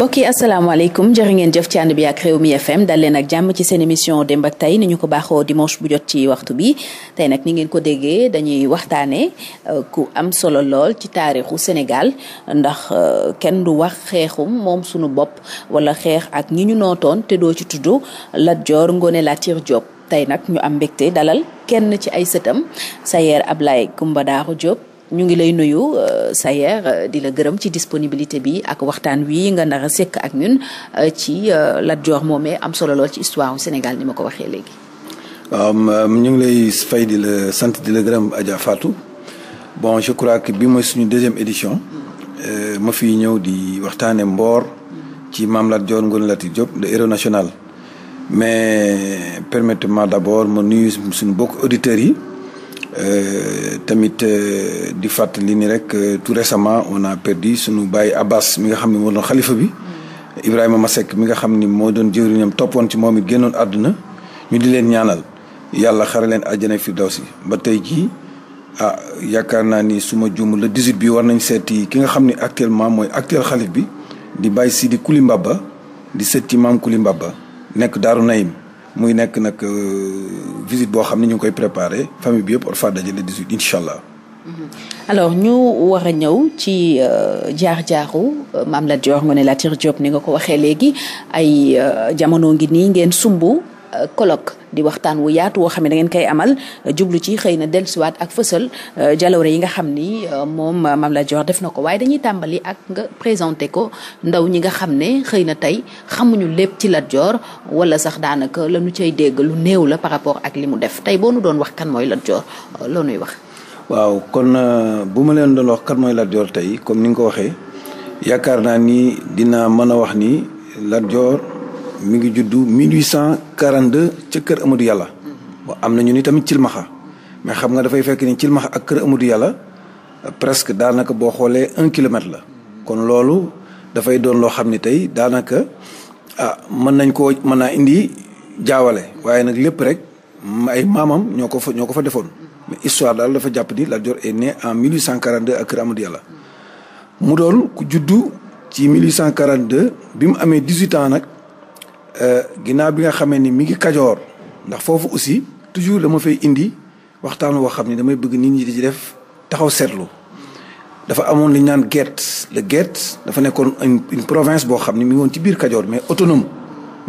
mbokk yi asalaamaaleykum jërë ngeen jëf ci ànd bi ak réew mi FM dal leen jàmm ci seen émission démb ak tey ni ñu ko baaxoo dimanche bu jot ci waxtu bi tey nag ni ngeen ko déggee dañuy waxtaanee euh, ku am solo lool ci taarixu Sénégal ndax euh, kenn du wax xeexum moom sunu bopp wala xeex ak ñi ñu nootoon te doo ci tuddu Lat Dior Ngoné Latyr Diop tey nag ñu am mbégte dalal kenn ci ay sëtam Sayer Ablaye Coumba Darou Diop. ñu ngi lay nuyu euh, Sayer euh, di la gërëm ci disponibilité bi ak waxtaan wi nga nar a sekk ak ñun euh, ci Lat Dior moomee am solo lool ci histoire Sénégal ni ma ko waxee léegi. waaw ñu ngi lay fay di la sant di la gërëm Adja Fatou bon je crois que bi mooy suñu deuxième édition. ma fi ñëw di waxtaane mboor ci Maam Lat Dior lati Latyr Diop le héros national mais permettez-moi d'abord ma nuyu suñu bokk auditeurs yi. Euh, tamit euh, di fàttali nii rek euh, tout récemment on a perdu sunu bàyyi Abbas mi nga xam ne moo doon xalifa bi. Mm. Ibrahima Masek mi nga xam ni moo doon jëwriñam toppoon ci moom it génnoon àdduna ñu di leen ñaanal yàlla xare leen àjjana si ba tey jii ah yaakaar naa ni suma juum le bi war nañ seeti ki nga xam ni actuellement mooy actuel xalif bi di bàyyi Sidi Koulimbaba di sët ci maam Koulimbaba nekk Daaru Naïm muy nekk nag euh, visite boo xam ne ñu koy préparer famille bi yëpp war faa dajale 18 incha allah. Mm-hmm. alors ñu war a ñëw ci euh, jaar-jaaru euh, Mame Lat Dior Ngoné Latyr Diop ni nga ko waxee léegi ay jamono ngi nii ngeen sumb colloque di waxtaan wu yaatu woo xam ne da ngeen koy amal jublu ci xëy na dellusiwaat ak fësal euh, jaloore yi nga xam ni euh, moom Mame Lat Dior def na ko waaye dañuy tàmbali ak nga présenté ko ndaw ñi nga xam ne xëy na tey xamuñu lépp ci Lat Dior wala sax daanaka la ñu cay dégg lu néew la par rapport ak li mu def tey boo nu doon wax kan mooy Lat Dior euh, loo nuy wax. waaw kon bu ma leen doon wax kan mooy Lat Dior tey comme ni nga ko waxee yaakaar naa ni dina mën a wax ni Lat Dior. mi ngi juddu 1842 ca kër Amadou Yàlla bon am na ñu ni tamit cilmaxa mais xam nga dafay fekk ni cilmaxa ak kër Amadou Yàlla presque daanaka boo xoolee un kilomètre la kon loolu dafay doon loo xam ni tey daanaka ah, mën nañ koo mën naa indi jaawale waaye nag lépp rek ay maamam ñoo ko fa ñoo ko fa defoon mais histoire daal dafa jàpp ni Lat Joor est né en 1842 ak kër Amadou Yàlla mu doon ku juddu ci 1842 bi mu amee 18 ans nag Euh, ginnaaw bi nga xamee ni mi ngi kajoor ndax foofu aussi toujours dama fay indi waxtaan woo xam ni damay bëgg nit ñi di ci def taxaw seetlu dafa amoon lu ñu naan Guet le Guet dafa nekkoon une province boo xam ni mi ngi woon ci biir kajoor mais autonome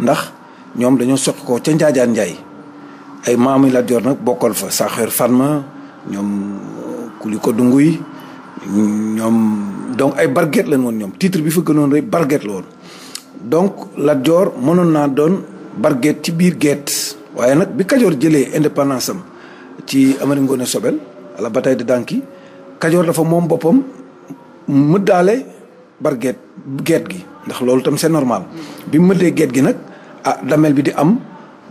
ndax ñoom dañoo soqi ko ca Njaajaan Njaay ay maam yi Lat Joor nag bokkal fa Saxeer Fatma ñoom Kuli Koddu Nguy ñoom donc ay barget lañ woon ñoom titre bi fa gënoon rëy barget la woon donc Lat Joor mënoon naa doon barget ci biir geet waaye nag bi Kajoor jëlee indépendance am ci Amari Ngoone Sobel à la bataille de Danki Kajoor dafa moom boppam mëddaale barget geet gi ndax loolu tam c'est normal bi mu mëddee get gi nag ah damel bi di am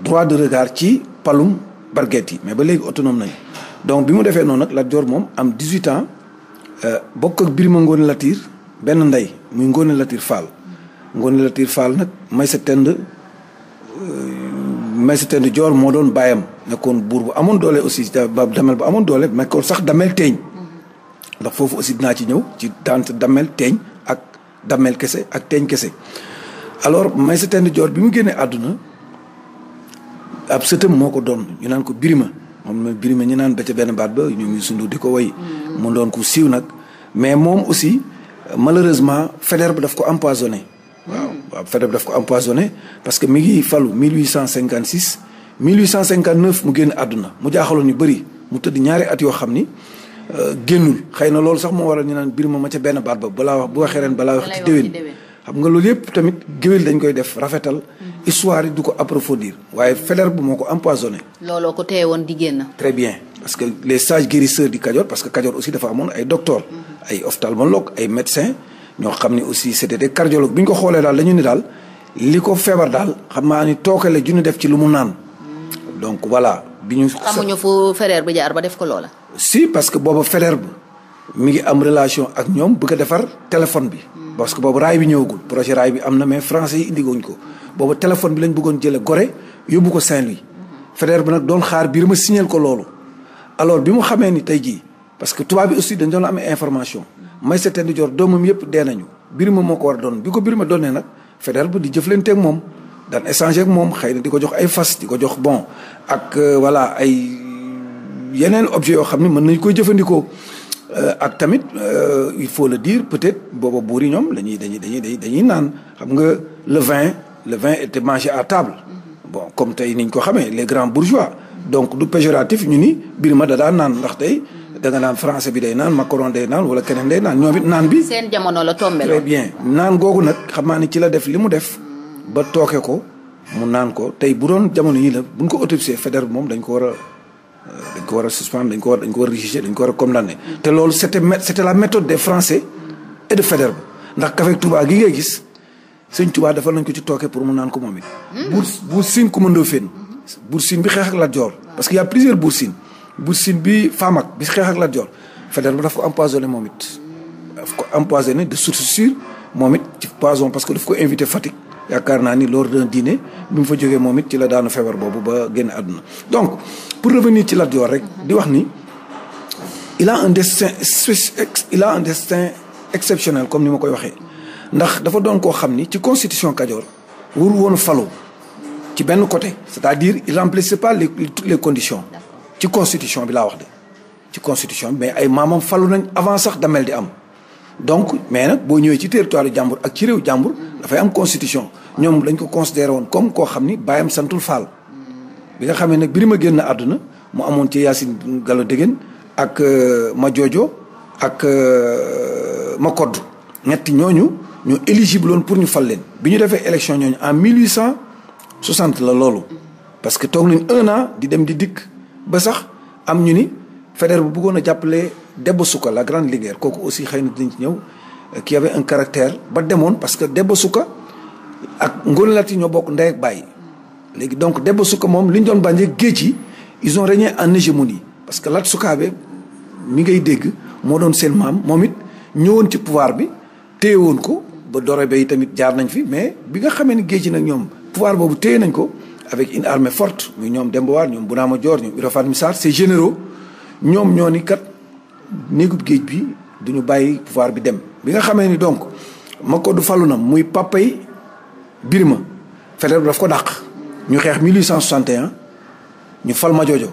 droit de regard ci palum barget yi mais ba léegi autonome nañu donc bi mu defee noonu nag Lat Joor moom am 18 ans euh, bokk ak Birima Ngoone Latiir benn ndey muy Ngoone Latiir Fall Ngoné Latyr Fall nag may sa tend euh, may sa tend joor moo doon bàyyam nekkoon buur bu amoon doole aussi ba damel bu amoon doole mais kon sax damel teeñ ndax foofu aussi dinaa ci ñëw ci daante damel teeñ ak damel kese ak teeñ kese alors may sa tend joor bi mu génnee àdduna ab sëtam moo ko doon ñu naan ko birima moom na birima ñu naan bécca benn baat ba ñoom ñu sundu di ko way mm. mu doon ku siiw nag mais moom aussi malheureusement Faidherbe daf ko empoisonné waaw waaw FADEB daf ko empoisonné parce que mi ngi falu 1856 1859 mu génn àdduna mu jaaxaloon ñu bëri mu tëdd ñaari at yoo xam ni euh, génnul xay na loolu sax moo waral ñu naan biir ma ma ca benn baat ba balaa wax bu waxee ren balaa wax ci déwén xam nga loolu yëpp tamit géwél dañ koy def rafetal mhm. histoire yi du ko approfondir waaye feder bu moo ko empoisonné looloo ko téye woon di génn très bien parce que les sages guérisseurs di Kajoor parce que Kajoor aussi dafa amoon ay docteurs mhm. ay ophtalmologues ay ñoo xam ne aussi c'était des cardiologues bi ñu ko xoolee daal dañu ni daal li ko feebar daal xam naa ni tookale ju nu def ci lu mu naan donc voilà bi ñu xamuñu fu Faidherbe bi jaar ba def ko loola si parce que booba Faidherbe bi mi ngi am relation ak ñoom bëgg defar téléphone bi parce boobu raay bi ñëwagul projet raay bi am na mais français yi indigoñ ko boobu téléphone bi lañ bëggoon jële Gorée yóbbu ko Saint-Louis Faidherbe bi nag doon xaar biir ma signal ko loolu alors bi mu xamee ni tey jii parce que tubaab bi aussi dañ doon amee information Maïssata Ndior doomam yëpp dee nañu Birima moo ko war a doon bi ko Birima doonee nag Faidherbe bu di jëflanteeg moom daan échanger ak moom xëy na di ko jox ay fas di ko jox bon ak euh, voilà ay yeneen objets yoo xam ne mën nañu koy jëfandikoo. Euh, ak tamit euh, il faut le dire peut-être booba buur yi ñoom dañuy dañuy dañuy dañuy naan xam nga le vin le vin était mangé à table bon comme tey niñ ko xamee les grands bourgeois donc du péjoratif ñu ni Birima da daan naan ndax tey. da naan français bi day naan Macron day naan wala keneen day naan ñoom naan bi. la tombé très bien naan googu nag xam naa ni ci la def li mu def ba tooke ko mu naan ko tey bu doon jamono yi la buñ ko autopsie fédéral moom dañ ko war a euh, dañ ko war a suspendre ko war dañ ko war a régiger dañ ko war a condamner. te loolu c' était la méthode des français et de fédéral ndax Café Touba gi ngay gis sëñ Touba defal nañ ko ci tooke pour mu naan ko moom it. Hmm? Buur Buur Sine Coumba Ndoffène. bi xeex la Lat Joor parce que y' a plusieurs Buur Buur Siin bi Faamak bi xeex ak Lat Joor Faidherbe ba daf ko empoisonné moom it daf ko empoisonné de source moom it ci poison parce que daf ko invité Fatick yaakaar naa ni lors d'un dîner bi mu fa jógee moom it ci la daanu feebar boobu ba génn àdduna donc pour revenir ci Lat rek di wax ni il a un destin il a exceptionnel comme ni ma koy waxee ndax dafa doon koo xam ni ci constitution Kajoor warul woon falu ci benn côté c'est-à-dire il remplissait pas les les conditions ci constitution bi laa wax de ci constitution bi mais ay maamam falu nañ avant sax damel di am donc mais nag boo ñëwee ci territoire jàmbur ak ci réew jàmbur dafay am constitution ñoom dañ ko considéré woon comme koo xam ni baayam santul faal bi nga xamee nag Birima génn àdduna mu amoon ci Yacine galo Dégène ak euh, ma joojo ak euh, ma kodd ñetti ñooñu ñoo éligible woon pour ñu fal leen bi ñu defee élection ñooñu en 1860 la loolu parce que toog nañ un dikk ba sax am ñu ni Faidherbe bu buggoon a jàppale Debbo Souka la grande ligueur kooku aussi xëy na dinañ ci ñëw euh, qui avait un caractère ba demoon parce que Debbo Souka ak Ngóone Latyr ñoo bokk ndey ak bàyyi léegi donc Debbo Souka moom li ñu doon bànjee géej yi ils ont régné en hégémonie parce que Lat Sukaabe mi ngay dégg moo doon seen maam moom it ñëwoon ci pouvoir bi téye woon ko ba Dorobe yi tamit jaar nañ fi mais bi nga xamee ni géej nag ñoom pouvoir boobu téye nañ ko avec une armée forte muy ñoom Demba War ñoom Bounama Dior ñoom Ibra Fall Missar ces généraux ñoom ñoo ni kat néegub géej bi du ñu bàyyi pouvoir bi dem bi nga xamee ni donc du falu na muy papay Birima Faidherbe bi daf ko dàq ñu xeex 1861 ñu fal Majoojo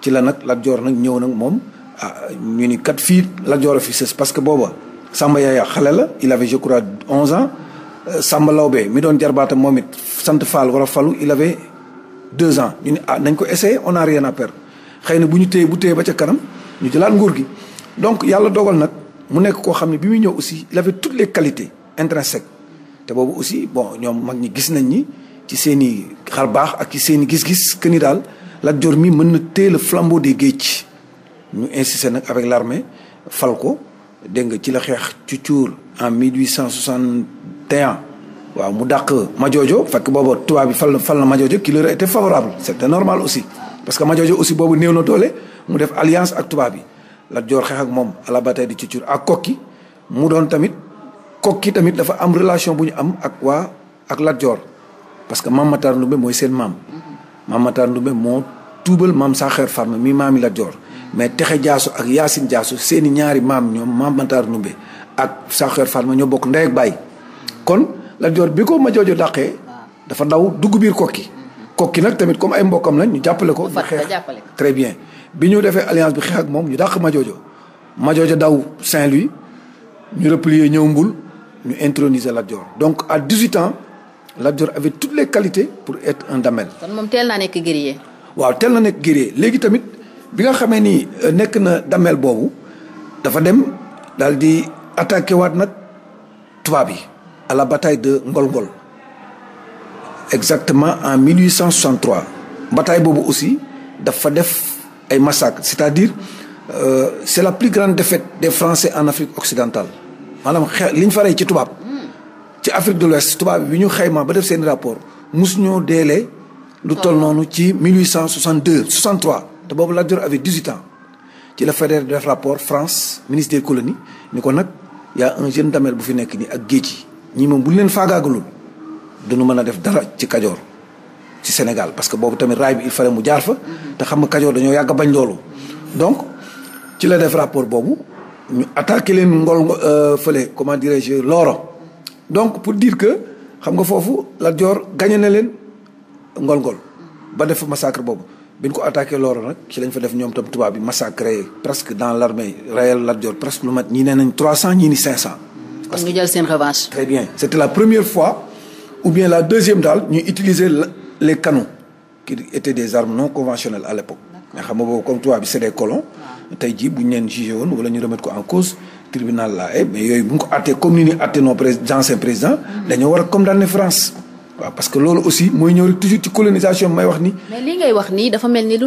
ci la nag Lat Joor nag ñëw nag moom ah ñu ni kat fii Lat Joor a fi sës parce que booba Samba Yaaya xale la il avait je crois 11 ans euh, Samba Lawbe mi doon jarbaatam moom it sant Fall war a falu il avait deux ans ñu ne ah nañ ko essayer on a rien à perdre xëy na bu ñu téyee bu téye ba ca kanam ñu jëlaat nguur gi. donc yàlla dogal nag mu nekk koo xam ne bi muy ñëw aussi il avait les qualités intrinsèques te boobu aussi bon ñoom mag ñi gis nañ ni ci seen i xar baax ak ci seen i gis-gis que ni daal la jor mi mën na téye le flambeau des géej ñu insisté nag avec l'armée fal ko dégg nga ci la xeex ci cuur en 1861. waaw mu dàq Majoojo fekk booba tubaab bi fal na fal na Majoojo qui leur était favorable et normal aussi parce que Majoojo aussi boobu néew na doole mu def alliance ak tubaab bi Lat Joor xeex ak moom à la bataille de Cucur ak kokki mu doon tamit kokki tamit dafa am relation bu ñu am ak waa ak Lat Joor parce que Mame Matar Ndoumbe mooy seen maam Mame Matar Ndoumbe moo tuubal maam Saxeer Farma mi maami Lat Joor mais Texe Jaasu ak Yaasin Jaasu seeni ñaari maam ñoom Mame Matar Ndoumbe ak Saxeer Farma ñoo bokk ndey baay Lat Joor bi ko ma joojo dàqee dafa daw dugg biir kokki kokki nag tamit comme ay mbokkam lañ ñu jàppale ko ñu xeex très bien bi ñu defee alliance bi xeex ak moom ñu dàq ma joojo ma joojo daw Saint-Louis ñu replier ñëw Mbul ñu introniser Lat Joor donc à 18 ans Lat Joor avait toutes les qualités pour être un damel. kon moom teel naa nekk guerrier. waaw teel na nekk guerrier léegi tamit bi nga xamee ni euh, nekk na damel boobu dafa dem daal di attaqué waat nag tubaab yi. à la bataille de Ngolngol exactement en 1863 bataille boobu aussi dafa def ay massacres c'est-à-dire euh, c'est la plus grande défaite des Français en Afrique occidentale maanaam xe li ñu fa rey ci tubaab ci Afrique de l'Ouest tubaab bi ñu xayma ba def seen rapport mus ñoo deelee lu toll noonu ci 1862 63 te boobu Lat Dior avait 18 ans ci la Faidherbe def rapport France ministre des colonies ni ko nag yaa a un jeune damel bu fi nekk nii ak géej yi ñii moom bu ñu leen faagaagalul duñu mën a def dara ci kajoor ci Sénégal parce que boobu tamit raay bi il fallait mu jaar fa. te xam nga kajoor dañoo yàgg bañ loolu. donc ci la def rapport boobu ñu attaqué leen ngol euh, fële comment dirais-je Looro. donc pour dire que xam nga foofu Lat Joor gañe na leen ngol-ngol ba def massacre boobu bi ñu ko attaqué Looro nag ci lañ fa def ñoom tubaab bi massacré presque dans l'armée réelle Lat Joor presque lu mat ñii nee nañ 300 ñii ni 500. parce que ñu jël seen revanche. très bien la première fois ou bien la deuxième daal ñu utiliser les canons qui étaient des armes non conventionnelles à l'époque mais xam nga boobu comme tubaab bi c'est des colons tey jii bu ñu ñu remettre ko en cause tribunal laa mais yooyu bu ñu ko àttee comme ni ñu àttee nos anciens présidents mm. dañoo war a condamner France waaw parce que loolu aussi mooy ñëw ni. mais li ngay wax nii dafa mel ni lu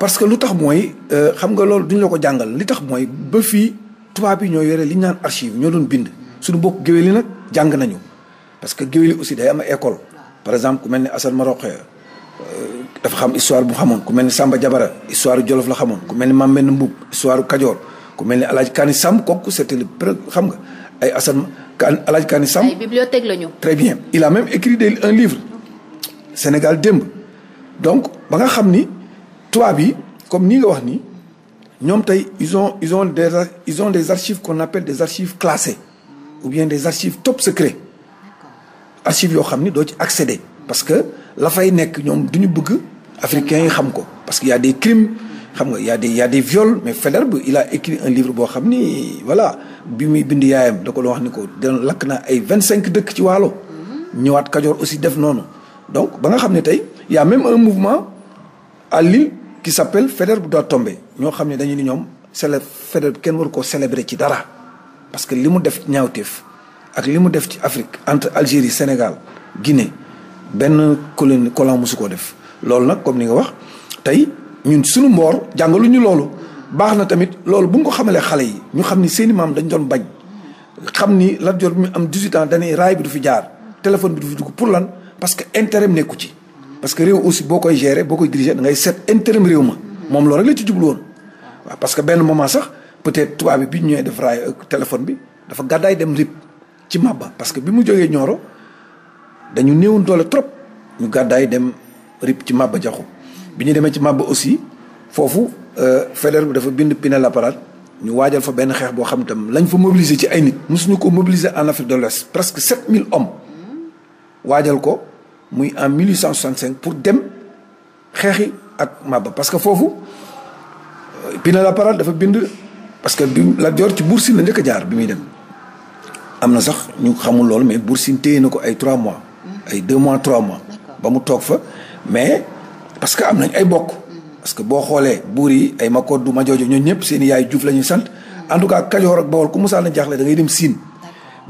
parce que lu tax mooy euh, xam nga loolu duñ la ko jàngal li tax mooy ba fii tubaab yi ñoo yore li ñu naan archive ñoo doon bind suñu bokk géwél yi nag jàng nañu parce que géwél yi aussi day am école par exemple ku mel ni Assane Maroque euh, dafa xam histoire bu xamoon ku mel ni Samba Jabara histoire Jolof la xamoon ku mel ni Mame Mbène Mboup histoire Kajoor ku mel ni Alaaji Kaani Samb kooku c'était le xam nga ay Assane Alaaji Kaani Samb ay bibliothèque lañu très bien il a même écrit un livre Sénégal démb donc ba nga xam ni tubaab yi comme ni nga wax nii ñoom tey ils ont des ils des archives qu'on appelle des archives classées ou bien des archives top secret archives yoo xam ni doo ci accéder parce que lafay nekk ñoom du ñu bugg africains yi xam ko parce que y a des crimes xam nga y a des y des viols mais Faidherbe il a écrit un livre boo xam ni voilà bi muy bind yaayam da ko wax ni ko doon lakk na ay vingt cinq dëkk ci waalo mm-hmm. ñëwaat Kajoor aussi def noonu donc ba nga xam ne tey y même un mouvement à Lille qui s'appelle bu doit tomber ñoo xam ne dañu ni ñoom célèbre Faidherbe kenn waru koo célébrer ci dara parce que li mu def ñaawteef ak li mu def ci Afrique entre Algérie Sénégal Guinée benn colonie colon mosu koo def loolu nag comme ni nga wax tey ñun suñu mboor jàngaluñu loolu baax na tamit loolu bu nga ko xamalee xale yi ñu xam ni seeni maam dañ doon bañ xam ni Lat Joor bi mu am 18 ans dañuy raay bi du fi jaar téléphone bi du fi dugg pour lan parce que intérêt nekku ci parce que réew aussi boo koy gérer boo koy diriger da ngay seet intérim réew ma moom loolu rek la ci jublu woon waaw parce que benn moment sax peut-être tubaab bi bi ñu ñëwee def raay téléphone bi dafa gàddaay dem rib ci Maba parce que bi mu jógee Nioro dañu néewoon doole trop ñu gàddaay dem rib ci Maba Jaxu bi ñu demee ci màbba aussi foofu euh, fédère bi dafa bind pine Laprade ñu waajal fa benn xeex boo xam tam lañ fa mobiliser ci ay nit mosuñu ko mobiliser en Afrique de l'Ouest presque 7000 om waajal ko muy en 1865 pour dem xeexi ak Maba parce que foofu euh, Pinet-La Parade dafa bind parce que bi la Joor ci Buur Siin la njëkk jaar bi muy dem am na sax ñu xamul loolu mais Buur Siin téye na ko ay trois mois ay deux mois trois mois ba mu toog fa mais parce que am nañ ay bokk parce que boo xoolee buur yi ay ma Majoojo ñooñu ñëpp seen yaay Juuf la ñuy sant en tout cas Kajoor ak Bawol ku musaa na jaaxle da ngay dem Siin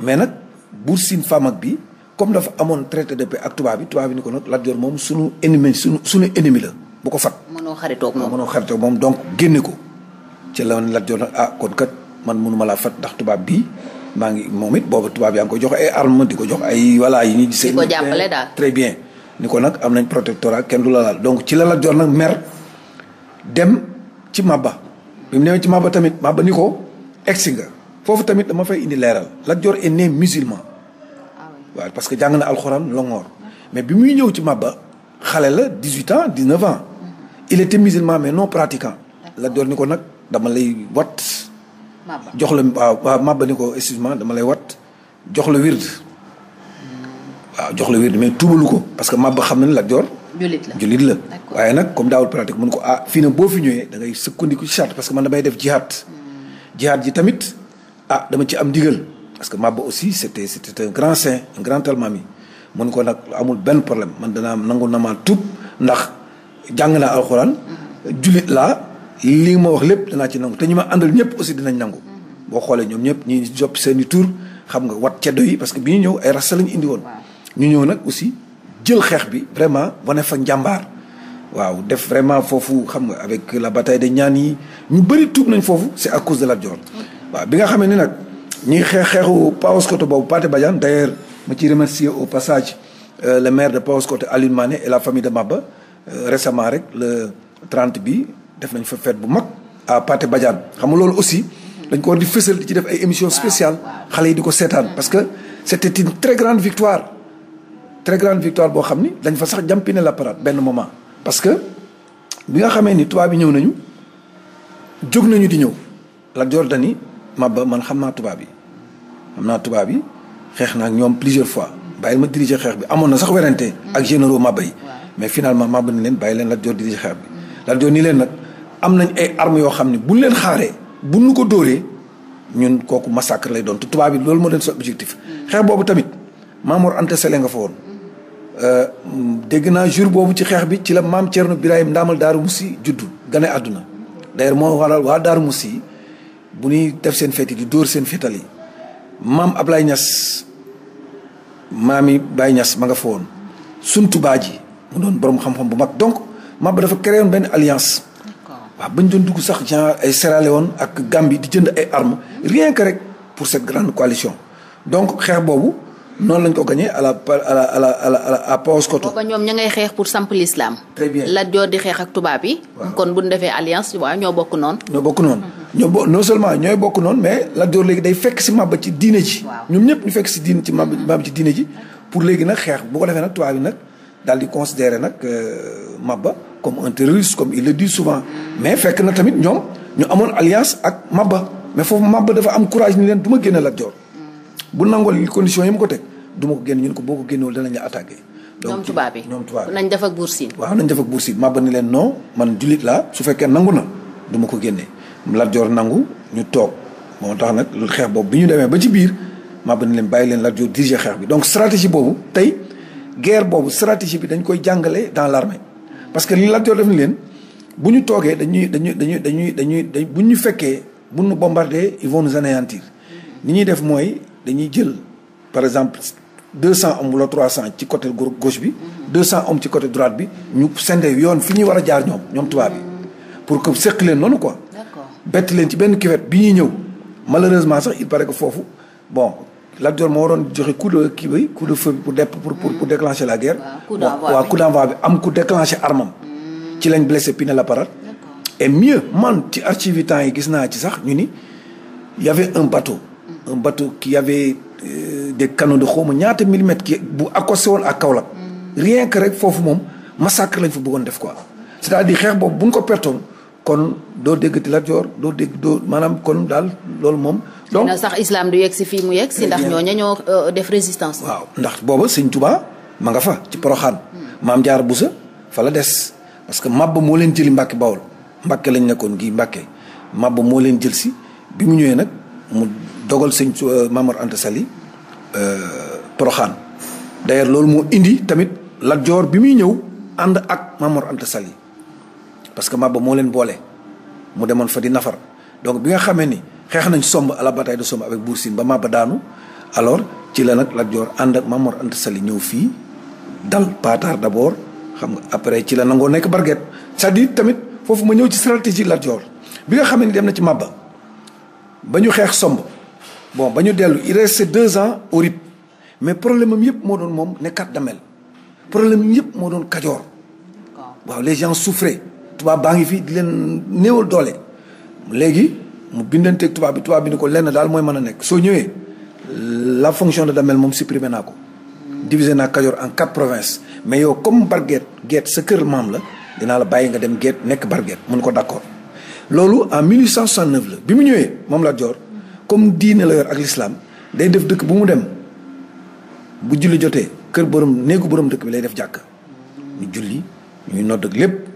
mais nag Buur Siin Famak bi comme dafa amoon traité de paix ak tubaab bi tubaab bi ni ko nag Lat Joor moom sunu ennemi sunu sunu ennemi la bu ko fat mënoo xaritoog moom mënoo xaritoog moom donc génne ko ci la Lat Joor nag ah kon kat man mënuma laa fat ndax tubaab bii maa ngi moom it boobu tubaab yaa ngi ko jox ay arme di ko jox ay voilà yi ñuy gisee. di ko jàppale ni ko nag am nañ protectorat kenn du la laal donc ci la Lat Joor nag mer dem ci Maba bi mu demee ci Maba tamit Maba ni ko egsi nga foofu tamit dama fay indi leeral Lat Joor est musulman. waaw parce que jàng na alxuraan longoor mais bi muy ñëw ci Maba xale la dix huit ans dix neuf ans il était musulman mais non pratiquant la door ni ko nag dama lay wat jox la waaw Maba ni ko excuse-moi dama lay wat jox la wird waaw jox la wird mais tuubalu ko parce que Maba xam na ne Lat Joor jullit la waaye nag comme daawul pratique mun ko ah fii nag boo fi ñëwee da ngay sukkandiku ci charte parce que man damay def jihaat hmm. jihaat ji tamit ah dama ci am ndigal parce que Maba aussi c'était c'était un grand saint un grand almaami mu ne ko nag amul benn problème man dana nangu na maa tuub ndax jàng naa alxuraan jullit laa li ma wax lépp danaa ci nangu te ñu ma àndal ñëpp aussi dinañ nangu boo xoolee ñoom ñëpp ñi jopp seeni tur xam nga wat ceddo yi parce que bi ñu ñëw ay rasta la ñu indi woon ñu ñëw nag aussi jël xeex bi vraiment wane fa njàmbaar waaw def vraiment foofu xam nga avec la bataille de ñaan yi ñu bëri tuub nañ foofu c'est à cause de Lat bi nga xamee ni ñuy xeex xeexu Paoskoto boobu Pathé Badiane d'ailleurs ma ci remercier au passage euh, le maire de Paoskoto Alioune Mané et la famille de Maba euh, récemment rek le 30 bi def nañ fa feet bu mag à Pathé Badiane xam nga loolu aussi dañ ko war di fësal di ci def ay émission spéciale xale yi di ko seetaan parce que c'était une très grande victoire très grande victoire boo xam ni dañ fa sax jàmpine la parade benn moment parce que bi nga xamee ni tubaab bi ñëw nañu jóg nañu di ñëw la Jordanie Maba man xam naa tubaab yi naa tubaab yi xeex naa ñoom plusieurs fois bàyyi ma diriger xeex bi amoon na sax werante ak généro Maba yi mais finalement Maba ni leen bàyyi leen Lat Joor diriger xeex bi Lat Joor nii leen nag am nañ ay armes yoo xam ne buñ leen xaare bu nu ko dóoree ñun kooku massacre lay doon tubaab yi loolu moo leen sa objectif xeex boobu tamit Maamoor Anta Sele nga fa woon euh, dégg naa jour boobu ci xeex bi ci la maam Thierno Birahim Ndaamal Daaru Musi juddu gane àdduna bu ñuy def seen fête di dóor seen fétal yi maam Ablaye Niass maami Baye Niass ma nga fa woon suntu baaji mu doon borom xam-xam bu mag donc maam ba dafa créé woon benn alliance. waaw bañ doon dugg sax genre ay Sierra woon ak Gambie di jënd ay armes rien que rek pour cette grande coalition donc xeex boobu. noonu lañ ko gagné à la à la à la ñoom ña ngay xeex pour samp l'islam. très bien Lat Joor di xeex ak tubaab yi. kon bu ñu defee alliance waaw ñoo bokk noon ñoo bokk noonu. ñoo bo non seulement ñooy bokk noonu mais Lat Joor léegi day fekk si màbb ci diine ji. ñëpp ñu fekk si diine ci màbb ci diine ji pour léegi nag xeex bu defee nag tubaab yi nag daal di considérer nag euh, mabba comme un terroriste comme le dit souvent mais fekk na tamit ñoom ñu amoon alliance ak mabba mais foofu mabba dafa am courage ni leen du ma génne Lat Joor bu nangoon li condition yi mu ko teg du ma ko génn ñun ko boo ko génnewul danañ la attaqué. donc ñoom tubaab yi ñoom tubaab yi nañ def ak buur waaw nañ def ak buur siin ba ni leen non man jullit laa su fekkee nangu na du ma ko génne Lat Joor nangu ñu toog moo tax nag xeex boobu bi ñu demee ba ci biir maa ba ni leen bàyyi leen Lat Joor diriger xeex bi donc stratégie boobu tey guerre boobu stratégie bi dañ koy jàngale dans l'armée parce que li Lat Joor def ni leen bu ñu toogee dañuy dañuy dañuy dañuy dañuy dañ bu ñu fekkee bu nu bombardé ils vont nous anéantir ñuy def mooy dañuy jël par exemple deux cent hommes wala trois cent ci côté gauche bi deux cent hommes ci côté droite bi ñu sende yoon fi ñuy war a jaar ñoom ñoom tubaab pour que seq leen noonu quoi bett leen ci benn kiwet bi ñuy ñëw malheureusement sax il paraît que foofu bon Lat Dior moo waroon joxe coup de kii bi coup de feu bi pour depp pour pour déclencher la guerre waaw coup d'envoi bi am ku déclencher armam hmm. ci lañ blessé Pinet-Laprade et mieux man ci archives yi temps yi gis naa ci sax ñu ni y avait un Euh, des canons de xaw ñaata millimètres ki bu accosté woon ak Kaolack mm. rien que rek foofu moom massacre lañ fa buggoon def quoi c'est-à-dire xeex boobu bu ñu ko pertoon kon doo déggati Lat Joor doo dégg doo maanaam kon daal loolu moom. donc na sax islam du yegg si fii mu yegg si ndax ñooñu ñoo euh, def résistance. waaw ndax booba sëñ Tuubaa ma nga fa ci Poroxaan. Mm. maam jaar Busa fa la des parce que Mabba moo leen jëli Mbàkke Bawol Mbàkke lañ nekkoon gii Mbàkke Mabba moo leen jël si bi mu ñëwee nag mu dogal sëñ euh, Mamor Anta Sali euh, Poroxaan d'ailleurs loolu moo indi tamit Lat Joor bi muy ñëw ànd ak Mamor Anta Sali parce que Maba moo leen boole mu demoon fa di nafar donc bi nga xamee ni xeex nañ somb à la de Somb avec Bour Sine ba Maba daanu alors ci la nag Lat Joor ànd ak Mamor Anta Sali ñëw fii dal Pataar d'abord xam nga après ci la nangoo nekk Barguet sa à dire tamit foofu ma ñëw ci stratégie Lat Joor bi nga xamee ni dem na ci Maba ba ñu xeex somb bon ba ñu dellu il reste deux ans au mais problème am yëpp moo doon moom nekkaat damel problème am yëpp moo doon kajoor waaw les gens souffraient tubaab baa ngi fi di leen néewal doole léegi mu bindanteeg tubaab bi tubaab bi ni ko lenn daal mooy mën a nekk soo ñëwee la fonction de damel moom supprimé naa ko divisé naa Kajoor en quatre provinces mais yow comme Barguet Guet sa kër maam la dinaa la bàyyi nga dem Guet nekk barget mun ko d' accord loolu en 1869 la bi mu ñëwee moom la Joor comme diine la yor ak lislaam day def dëkk bu mu dem bu julli jotee kër borom néegu borom dëkk bi lay def jàkk ñu julli ñuy nodd ak lépp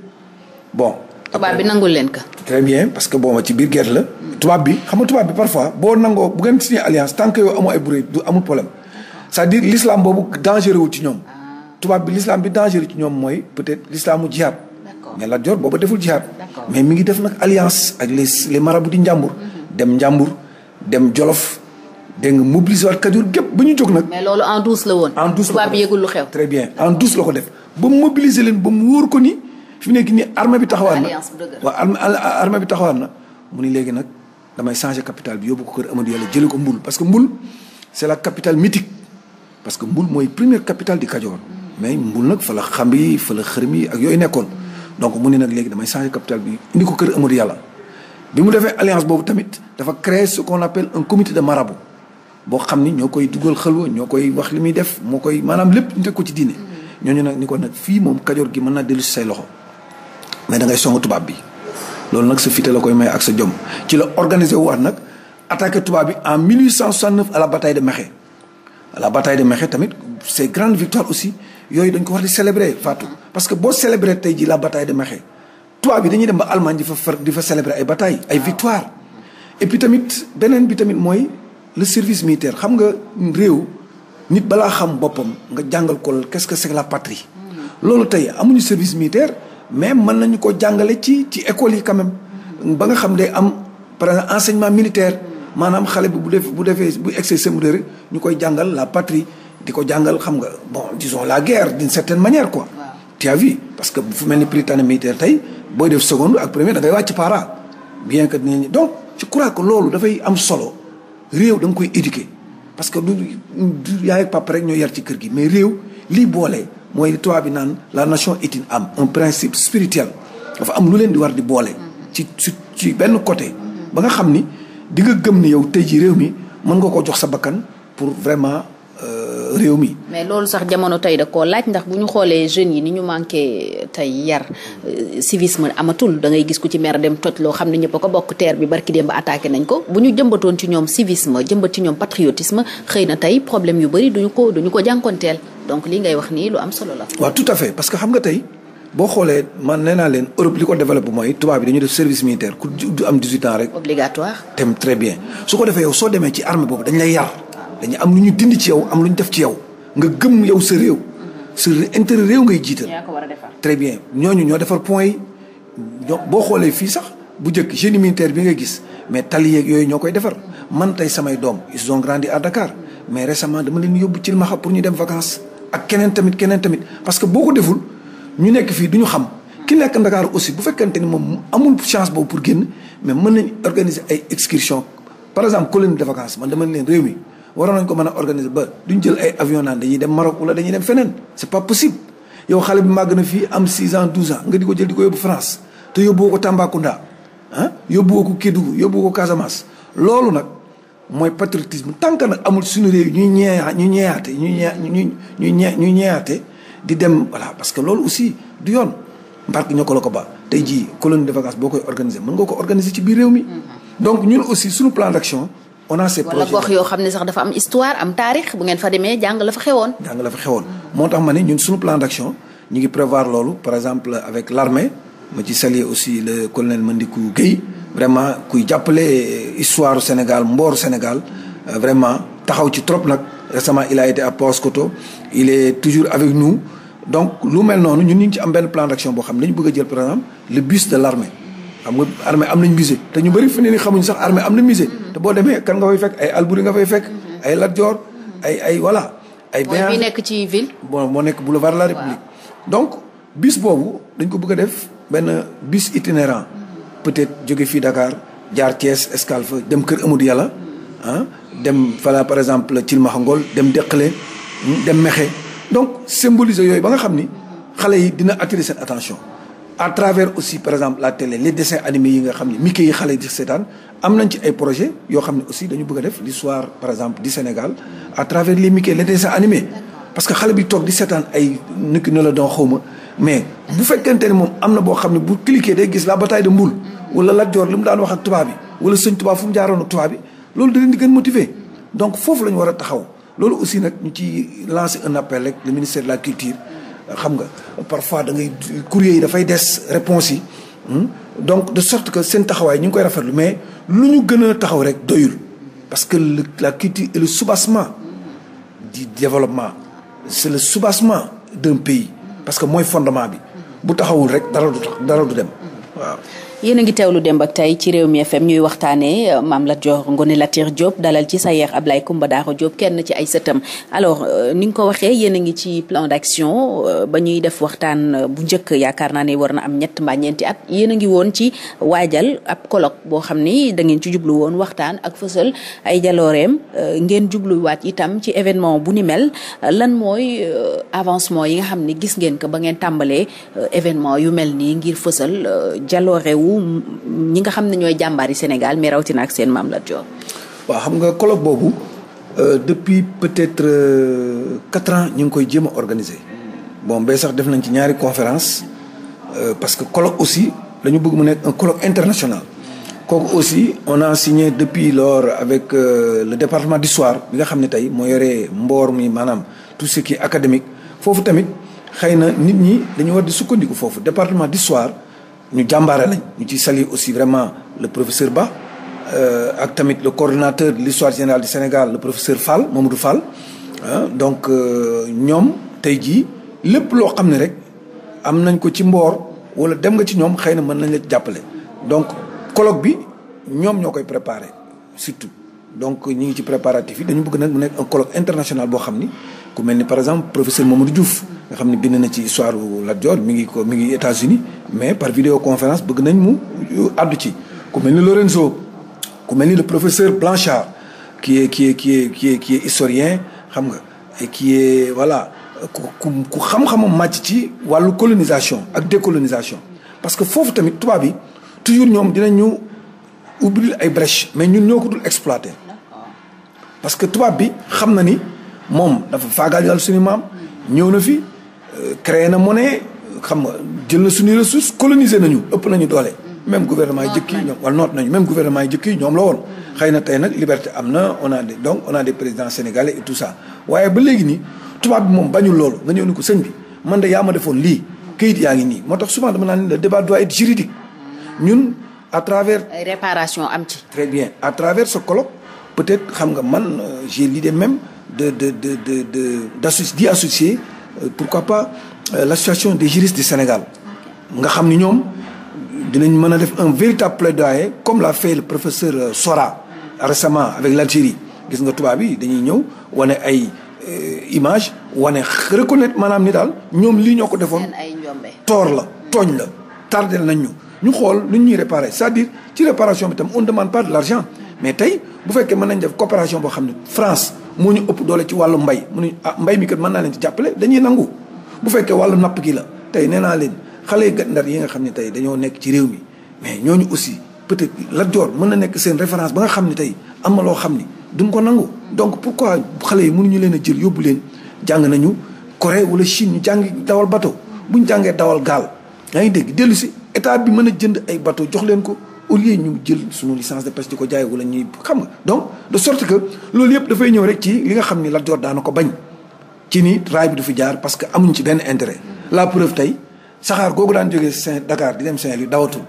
bon. tubaab bi nangul leen ko. très bien parce que bon ci biir guerre la. tubaab bi xam nga tubaab bi parfois boo nangoo bu ngeen signé alliance tant que yow amoo ay bruit du amul problème c'est-à-dire l'islam boobu dangereux wu ci ñoom. Ah. tubaab bi l'islam bi dangereux ci ñoom mooy peut-être l'islamu jihad. mais Lat Joor booba deful jihad. mais mi ngi def nag alliance ak les les di njàmbur. Mhm. dem njàmbur. dem Jolof dégg nga mobiliser waat Kajoor gépp ba ñu jóg nag. mais loolu en la en douce la ko def tubaab bi yëgul lu xew. très bien en douce la ko def ba mu mobiliser leen ba mu wóor ko ni fi mu nekk nii armée bi taxawaat na waaw armée bi taxawaat na mu ni léegi nag damay changer capital bi yóbbu ko kër Amadou Yàlla jëlee ko Mbul parce que Mbul c'est la capital mythique parce que Mbul mooy première capitale di Kajoor. mais Mbul nag fa la xam yi fa la xërëm yi ak yooyu nekkoon donc mu ne nag léegi damay bi indi ko kër Amadou Yàlla. bi mu defee alliance boobu tamit dafa créer ce qu'on appelle un comité de marabout boo xam ni ñoo koy dugal xalwa ñoo koy wax li muy def moo koy maanaam lépp ñu ko ci diine mm-hmm. ñooñu nag ni ko nag fii moom kajoor gi mën naa dellu si say loxo mais da ngay song tubaab bi loolu nag sa fite la koy may ak sa jom ci la organiser waat nag attaqué tubaab bi en 1869 à la bataille de Mékhé à la bataille de Mékhé tamit ces grandes victoires aussi yooyu dañ ko war di célébrer Fatou parce que boo célébrer tey ji la bataille de tubaab yi dañuy dem ba Allemagne di fa far di fa célébrer ay bataille ay victoire et puis tamit beneen bi tamit mooy le service militaire xam nga réew nit balaa xam boppam nga jàngal ko quest que c'est la patrie loolu tey amuñu service militaire mais mën nañu ko jàngale ci ci école yi quand ba nga xam day am par exemple enseignement militaire maanaam xale bi bu bu defee bu excès sem ñu koy jàngal la patrie di ko jàngal xam nga bon disons la guerre d'une certaine manière quoi tu as vu parce que fu mel ni Prytanée militaire tey booy def seconde ak première da ngay wàcc para bien que dinañ donc je crois que loolu dafay am solo réew da nga koy éduquer parce que lu du yaay ak rek ñoo yar ci kër gi mais réew lii boole mooy tubaab bi naan la nation est une âme un principe spirituel dafa am lu leen di war di boole. ci ci ci benn côté. ba nga xam ni di nga gëm ni yow tey ji réew mi mën nga koo jox sa bakkan pour vraiment. réew mi. mais loolu sax jamono tey da koo laaj ndax bu ñu xoolee jeunes yi ni ñu manqué tey yar euh, civisme amatul da ngay gis ko ci mer dem toj loo xam ne ñëpp a ko bokk teer bi barki dem ba attaqué nañ ko bu ñu jëmbatoon ci ñoom civisme jëmbat ci ñoom patriotisme xëy na tey problème yu bëri duñu ko duñu ko jànkonteel donc li ngay wax nii lu am solo la. waaw tout à fait parce que xam nga tey. boo xoolee man nee naa leen Europe li ko développé mooy tubaab bi dañu def service militaire ku du ko defee yow soo demee ci armée dañ lay yar. dañu am lu ñu dindi ci yow am lu ñu def ci yow nga gëm yow sa réew. sa intérêt réew ngay jiital. très bien ñooñu ñoo defar point yi boo xoolee fii sax bu njëkk jeune militaire bi nga gis mais tali yooyu ñoo koy defar man tey samay doom ils ont grandi à Dakar mais récemment dama leen yóbbu ci Cilmaxa pour ñu dem vacances. ak keneen tamit keneen tamit parce que boo ko deful ñu nekk fii du ñu xam. ki nekk Dakar aussi bu fekkante ni moom amul chance boobu pour génn mais mën nañ organiser ay excursion par exemple colonie de vacances man dama leen réew mi. waroon nañ ko mën a organiser ba duñ jël ay avion naan dañuy dem Maroc wala dañuy dem feneen c'est pas possible yow xale bi màgg na fii am 6 ans 12 ans nga di ko jël di ko yóbbu France te yóbbuwoo ko Tambacounda ah yóbbuwoo ko Kédougou yóbbuwoo ko Casamance loolu nag mooy patriotisme tant que nag amul suñu réew ñuy ñeexa ñu ñeeyaate ñu ñee ñu ñu ñee ñu ñeeyaate di dem voilà parce que loolu aussi du yoon mbark ñoo ko la ko ba tey jii colonie de vacances boo koy organiser mën nga ko organiser ci biir réew mi mm-hmm. donc ñun aussi sunu plan d'action on a ces yoo xam ne sax dafa am histoire am taarix bu ngeen fa demee jàng la fa xewoon. jàng la fa xewoon moo tax ma ne ñun suñu plan d' action ñu ngi prévoir loolu par exemple avec l' armée ma ci saluer aussi le colonel Mandikou Guèye vraiment kuy jàppale histoire Sénégal mbooru Sénégal euh, vraiment taxaw ci trop nag récemment il a été à Paoskoto il est toujours avec nous donc lu mel noonu ñun ñu ngi ci am benn plan d' action xam ne dañu bëgg jël par exemple le bus de l' armée. xam nga armée am nañ musée te ñu bëri fi ne ni xamuñ sax armée am na musée mm-hmm. te boo demee kan nga fay fekk ay Albury nga fay fekk mm-hmm. ay Lat Joor mm-hmm. ay ay voilà ay mooy bi nekk ci ville bon moo nekk boulevard la République donc bis boobu dañ ko bëgg a def benn bis itinérant peut-être jóge fii Dakar jaar cees escale dem kër Amadou Yàlla ah dem fala par exemple Thilmakha-Ngol dem Dékheulé mm, dem mexe donc symboliser yooyu ba nga xam ni xale yi dina attirer seen attention à travers aussi par exemple la télé le dessins animés yi nga xam ne Mickey yi xale di seetaan am nañ ci ay projet yoo xam ne aussi dañu bëgg a def l'histoire par exemple du Sénégal à travers les Mickey les dessins parce que xale bi toog di seetaan ay niki ne la doon xawma mais bu fekkente ne moom am na boo xam ne bu cliquer day gis la bataille de Mboul wala Lat Joor li mu daan wax ak tubaab bi wala sëñ tubaab fu mu jaaroon ak tubaab bi loolu da leen gën motiver donc foofu la war a taxaw loolu aussi ñu ci lancer un appel rek le ministère de xam nga parfois da ngay courrier yi dafay des réponse yi hmm? donc de sorte que seen taxawaay ñu ngi koy rafetlu mais lu ñu gën a taxaw rek doyul parce que la culture le soubassement du développement c'est le soubassement d'un pays parce que mooy fondement bi bu taxawul rek dara du dara du dem waaw yéen a ngi teewlu démb ak tey ci réew mi FM ñuy waxtaanee euh, Mame Lat Dior Ngoné Latyr Diop dalal ci Sayer Ablaye Coumba Daaro Diop kenn ci ay sëtam alors euh, ni nga ko waxee yéen a ngi ci plan d'action euh, ba ñuy def waxtaan bu njëkk yaakaar naa ne war na am ñett mbaa ñeenti at yéen a ngi woon ci waajal ab colloque boo xam ni da ngeen ci jublu woon waxtaan ak fësal ay jalooreem ngeen jubluwaat itam ci événement bu ni mel lan mooy avancement yi nga xam ni gis ngeen ko ba ngeen tàmbalee événement yu mel nii ngir fësal jaloore wu ñi nga xam ne ñooy jàmbaari Sénégal mais rawatina ak seen maam Lat Joor. waaw xam nga colloque boobu euh, depuis peut-être euh, quatre ans ñu ngi koy jéem a organiser bon bee sax def nañ ci ñaari conférence euh, parce que colloque aussi dañu bëgg mu nekk un colloque international. kooku aussi on a signé depuis lors avec le département d'histoire bi nga xam ne tey moo yore mboor mi maanaam tout ce qui est académique foofu tamit xëy na nit ñi dañu war di sukkandiku foofu département d'histoire ñu jàmbaare lañ ñu ci sali aussi vraiment le professeur Ba euh, ak tamit le coordinateur de l'histoire générale du Sénégal le professeur Fall Mamadou Fall donc euh, ñoom tey jii lépp loo xam ne rek am nañ ko ci mboor wala dem nga ci ñoom xëy na mën nañ la jàppale donc colloque bi ñoom ñoo koy préparé surtout donc ñu ngi ci préparatif yi dañu bëgg nag mu nekk un colloque international boo xam ni ku mel ni par exemple professeur Mamadou Diouf nga xam ne bind na ci histoire Lat Dior mi ngi ko mi ngi États-Unis mais par vidéoconférence bëgg nañ mu àddu ci ku mel ni Lorenzo ku mel ni le professeur Blanchard qui est qui est qui est qui est historien xam nga et qui est voilà ku ku xam màcc ci wàllu colonisation ak décolonisation parce que foofu tamit tubaab bi toujours ñoom dinañu ubbil ay brèche mais ñun ñoo ko dul exploité parce que tubaab bi xam na ni moom dafa faagaagal suñu maam ñëw na fi euh, créé na monnaie xam nga jël na suñuy ressources colonisé nañu ëpp nañu doole. même gouvernement yi jëkk yi ñoom wala noot même gouvernement jëkk yi ñoom la woon. xëy na tey nag liberté am na on a des donc on a des présidents sénégalais et tout ça waaye ba léegi nii tubaab bi moom bañul loolu nga ñëw ni ko sëñ bi man de yaa ma defoon lii kayit yaa ngi nii moo tax souvent dama naan le débat doit être juridique ñun à travers. réparation am ci. très bien à travers ce peut-être xam nga man euh, j'ai l'idée même de de de de de d'y associer euh, pourquoi pas euh, l'association des juristes du Sénégal nga xam ni ñoom dinañ mën a def un véritable plaidoyer comme l'a fait le professeur Sora récemment avec l'Algérie gis nga tubaab yi dañuy ñëw wane ay image wane reconnaître maanaam ni daal ñoom lii ñoo ko defoon toor la tooñ la tardel nañ ñu ñu xool lu ñuy réparer c'est-à-dire ci réparation bi tam on demande pas de l'argent mais tey bu fekkee mën nañ def coopération boo xam ne France moo ñu ëpp doole ci wàllu mbay mu ne ah mbay mi kat mën naa leen ci jàppale dañuy nangu bu fekkee wàllu napp gi la tey nee naa leen xale yu Ndar yi nga xam ne tey dañoo nekk ci réew mi mais ñu aussi peut-être Lat Joor mën na nekk seen référence ba nga xam ni tey am na loo xam ni duñ ko nangu donc pourquoi xale yi ñu leen a jël yóbbu leen jàng nañu Corée wala Chine ñu jàng dawal bateau buñ jàngee dawal gaal yaa ngi dégg dellu si état bi mën a jënd ay bateau jox leen ko au lieu ñu jël suñu licence de pêche di ko jaay wala nga donc de que loolu yëpp dafay ñëw rek ci nga xam ni Lat Joor daana ko bañ ci ni raay bi du fi jaar parce que amuñ ci benn intérêt la preuve tey saxaar googu daan jógee Saint Dakar di dem Saint-Louis dawatul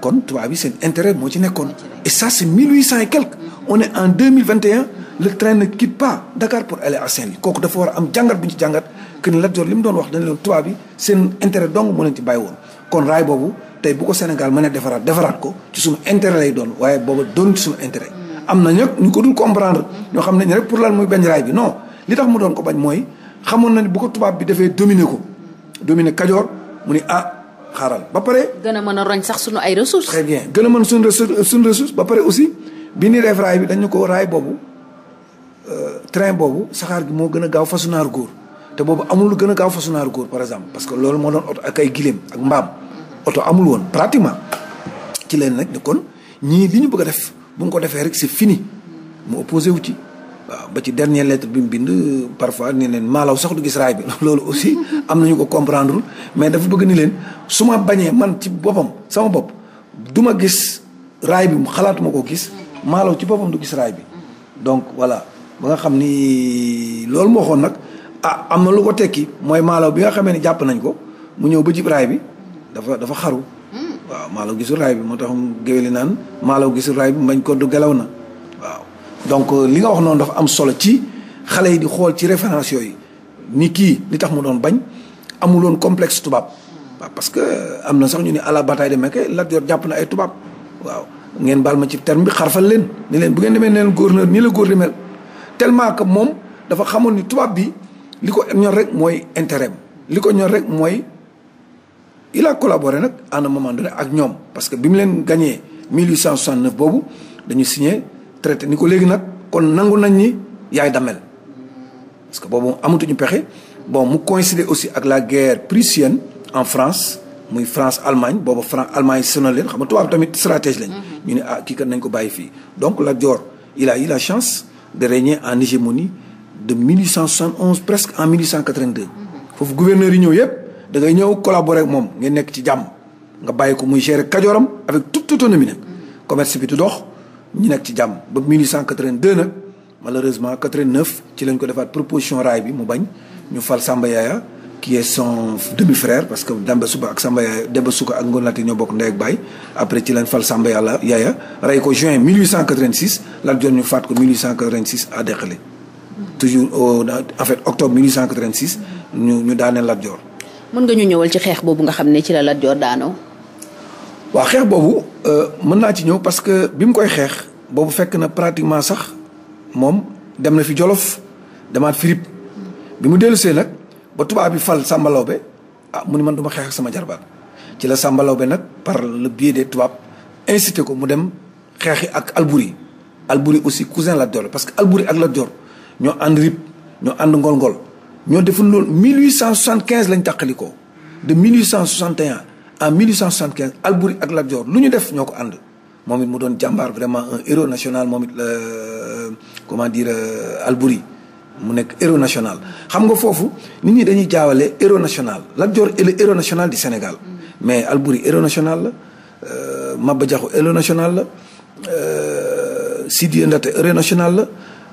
kon tubaab yi seen intérêt moo ci nekkoon et ça c'est mille huit cent et mille vingt et un le train ne quitte pas pour aller à Saint-Louis kooku dafa war a am jàngat bu ñu ci jàngat que ni Lat li mu doon wax dañ leen tubaab yi seen intérêt dong moo leen ci bàyyi woon kon raay boobu tey bu ko Sénégal mën a defaraat defaraat ko ci suñu intérêt lay doon waaye boobu doon ci suñu intérêt am na ñëpp ñu ko dul comprendre ñoo xam ne rek pour lan muy bañ raay bi non li tax mu doon ko bañ mooy xamoon na ne bu ko tubaab bi defee dominer ko dominer Kajoor mu ni ah xaaral ba pare. gën a mën a roñ sax suñu ay ressources. très bien gën a mën suñu ressource suñu ressource ba pare aussi bi ni def raay bi dañu ko raay boobu euh, train boobu saxaar gi moo gën a gaaw fasunaaru góor te boobu amul lu gën a gaaw fasunaaru góor par exemple parce que loolu moo doon ak ay ak mbaam. oto amul woon pratiquement ci leen nag ne kon ñii li ñu bëgg a def bu ñu ko defee rek c'est fini mu opposé wu ci waaw ba ci dernier lettre bi mu bind parfois ni leen maalaw sax du gis raay bi loolu aussi am nañu ko comprendre mais dafa bëgg ni leen su ma bañee man ci boppam sama bopp duma gis raay bi mu xalaatuma ko gis maalaw ci boppam du gis raay bi donc voilà ba nga xam ni loolu moo xoon nag ah am na lu ko tekki mooy maalaw bi nga xamee ne jàpp nañ ko mu ñëw ba ci bi dafa dafa xaru. Hmm. waaw maalaw gisu raay bi moo tax géwéli naan maalaw gisul raay bi mbañ ko du gelaw na waaw. donc euh, li nga wax noonu dafa am solo ci xale yi di xool ci référence yooyu ni kii li tax mu doon bañ amuloon complexe tubaab. waaw parce que euh, am na sax ñu ne à la bataille de Mecque Lat Joor jàpp na ay tubaab waaw. ngeen baal ma ci terme bi xarfal leen ni leen bu ngeen demee neen gouverneur nii la góor di mel tellement que moom dafa xamoon ni tubaab bi li ko ñor rek mooy intérêt li ko ñor rek mooy il a collaboré nag à un moment donné ak ñoom parce que bi mu leen gagné 1869 boobu dañu signé traité ni ko léegi nag kon nangu nañ ni yaay damel parce que boobu amatuñu pexe bon mu coïncider aussi ak la guerre prussienne en France muy France Allemagne boobu France Allemagne sonal leen xam nga tamit stratège lañ. Mhm. ñu ni ah kii kat nañ ko bàyyi fii donc Lat Dior il la chance de régner en hégémonie de 1871 presque en 1882 mhm. foofu gouverneurs yi ñëw yëpp. da ngay ñëw collaborer ak moom ngeen nekk ci jàmm nga bàyyi ko muy gérer Kajooram avec toute autonomie nag commerce bi du dox ñu nekk ci jàmm ba 1882 nag malheureusement ci lañ ko defaat proposition raay bi mu bañ ñu fal Samba Yaaya qui est son demi-frère parce que Demba Suba ak Samba Yaaya Demba Suka ak Ngor Latir ñoo bokk ndey ak baay après ci lañ fal Samba Yàlla Yaaya rey ko juin 1886 Lat Joor ñu faat ko 1886 toujours en fait octobre ñu daaneel Lat Joor mën nga ñu ñëwal ci xeex boobu nga xam ne ci la Lat Joor daanoo. waaw xeex boobu euh, mën naa ci ñëw parce que bi mu koy xeex boobu fekk na pratiquement sax moom dem na fi Jolof demaat fi Rip bi mu dellusee nag ba tubaab bi fal Samba Laobé ah mu ni man du ma xeex ak sama jarbaat ci la Samba Laobé nag par le biais tubaab incité ko mu dem xeexi ak Albouri Albouri aussi cousin Lat Joor parce que Albouri ak Lat Joor ñoo ànd Rip ñoo ànd ngol-ngol. ñoo deful loolu 1875 lañ tàqalikoo de 1861 à 1875 Albouri ak Lat Dior lu ñu def ñoo ko ànd moom it mu doon jàmbaar vraiment un héros national moom it euh, comment dire euh, Albouri mu nekk héros national xam nga foofu nit ñi dañuy jaawale héros national Lat Dior est le héros national du Sénégal mm. mais Albouri héros nationale la euh, Maba Diakhou héros national la Sidi Ndaté héros national la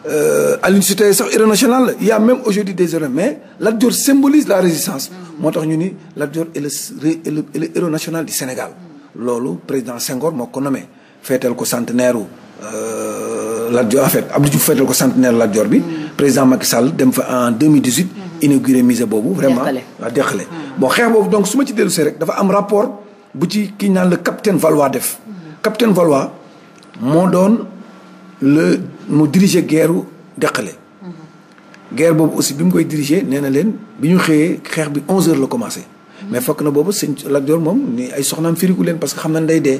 Euh, Aline Sitoé sax héros national la même aujourd'hui des héros mais Lat Dior symbolise la résistance. moo tax ñu ni Lat Dior est le Sénégal. loolu président Senghor moo ko nommé feetal ko centenaire euh, Lat Dior en fait Abdou Diouf feetal ko centenaire Lat Dior bi. président Macky Sall dem fa en 2018. inauguré musée boobu vraiment waaw deqale bon xeex boobu donc su ma ci dellu see rek dafa am rapport bu ci kii naan le capitaine Valois def. capitaine Valois moo doon. la mu diriger guerre deqale. guerre boobu aussi bi mu koy diriger nee na leen bi ñu xëyee xeex bi 11h la commencé. mais fokk na boobu sëñ la Joor moom ni ay soxnaam firigu leen parce que xam na day dee.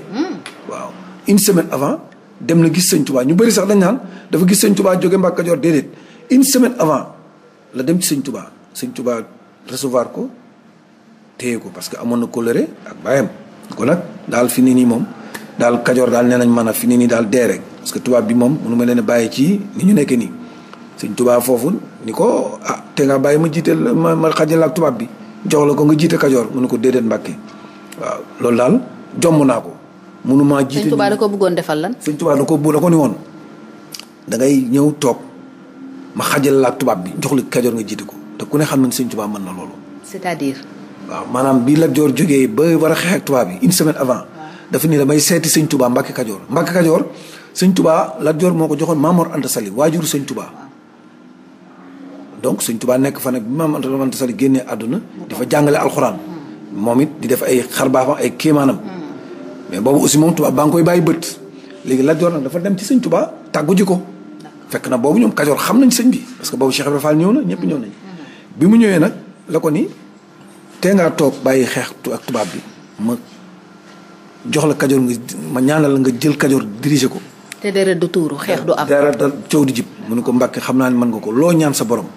waaw une semaine avant dem na gis sëñ Touba ñu bëri sax dañ naan dafa gis sëñ Touba jóge Mbàkke Kajoor déedéet une semaine avant la dem ci sëñ tubaa sëñ tubaa recevoir ko téye ko parce que amoon na colère ak baayam. kon nag daal fi ni nii moom daal Kajoor daal nee nañ mën a fi ni nii daal dee rek. parce que tubaab bi moom mënu ma leen a bàyyi ci ni ñu nekk nii sëñ tubaab foofu ni ko ah te nga bàyyi ma jiital ma ma xajal tubaab bi jox la ko nga jiite kajoor mu ko déedéet mbàkke waaw loolu daal jomm naa ko. mënu maa jiite sëñ tubaab da bëggoon defal lan. sëñ tubaab ko bu da woon da ngay ñëw toog ma xajal la ak tubaab bi jox la kajoor nga jiite ko te ku ne xam nañ sëñ tubaab mën na loolu. c'est-à-dire. waaw maanaam bi Lat Joor jógee ba war a xeex ak tubaab bi une semaine avant. dafa ni damay seeti sëñ tubaab Mbàkke Kajoor Mbàkke Kajoor sëñ tubaa Lat Joor moo ko joxoon Maamoor Anta Sali waajuru sëñ tubaa donc sëñ tubaa nekk fa nag bi Maamoor Anta Sali génnee àdduna dafa jàngale alxuraan moom it di def ay xarbaaxam ay kéemaanam mais boobu aussi moom tubaa baa ngi koy bàyyi bët léegi Lat Joor nag dafa dem ci sëñ tubaa tàggu ji ko fekk na boobu ñoom Kajoor xam nañ sëñ bi parce que boobu Cheikh Ibrahima Fall ñëw na ñëpp ñëw nañ bi mu ñëwee nag la ko ni tee ngaa toog bàyyi xeex ak tubaab bi ma jox la Kajoor nga ma ñaanal la nga jël Kajoor diriger ko te deret du tuuru xeex du am. dara dal di jib mu ne ko mbàkke xam naa ne mën nga ko loo ñaan sa borom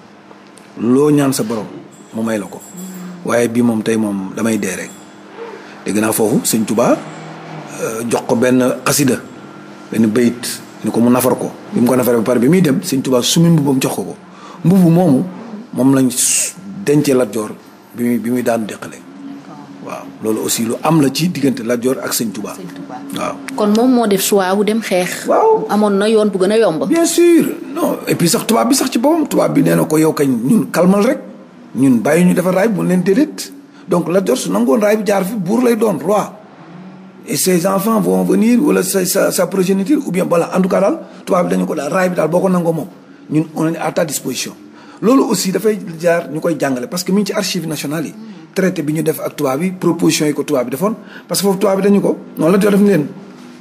loo ñaan sa borom mu may la ko waaye bii moom tey moom damay dee rek dégg naa foofu sëñ Tuubaa euh, jox ko benn xasida benn bayit ñu ko mu nafar ko bi mu ko nafaree ba pare bi muy dem sëñ su sumi mbubbam jox ko ko mbubu moomu moom lañ dencee Lat Joor bi muy bi muy deqale waaw loolu aussi lu am la ci diggante Lat Joor ak sëñ Touba. waaw kon moom moo def choix wu dem xeex. waaw amoon na yoon bu gën a yomb. bien sûr non sax tubaab bi sax ci boppam tubaab bi nee na ko yow kañ ñun kalmal rek ñun bàyyi ñu defar raay bu leen déedéet donc Lat Joor su nangoon raay bi jaar fi buur lay doon roi. et ses enfants vont venir wala sa sa sa progéniture ou bien voilà en tout cas daal tubaab bi dañu ko daal raay bi daal boo ko nangoo moom ñun on est à disposition. loolu aussi dafay jaar ñu koy jàngale parce que mi ngi ci yi. traité bi ñu def ak tubaab bi proposition yi ko tubaab bi defoon parce que foofu tubaab bi dañu ko noonu la def ni leen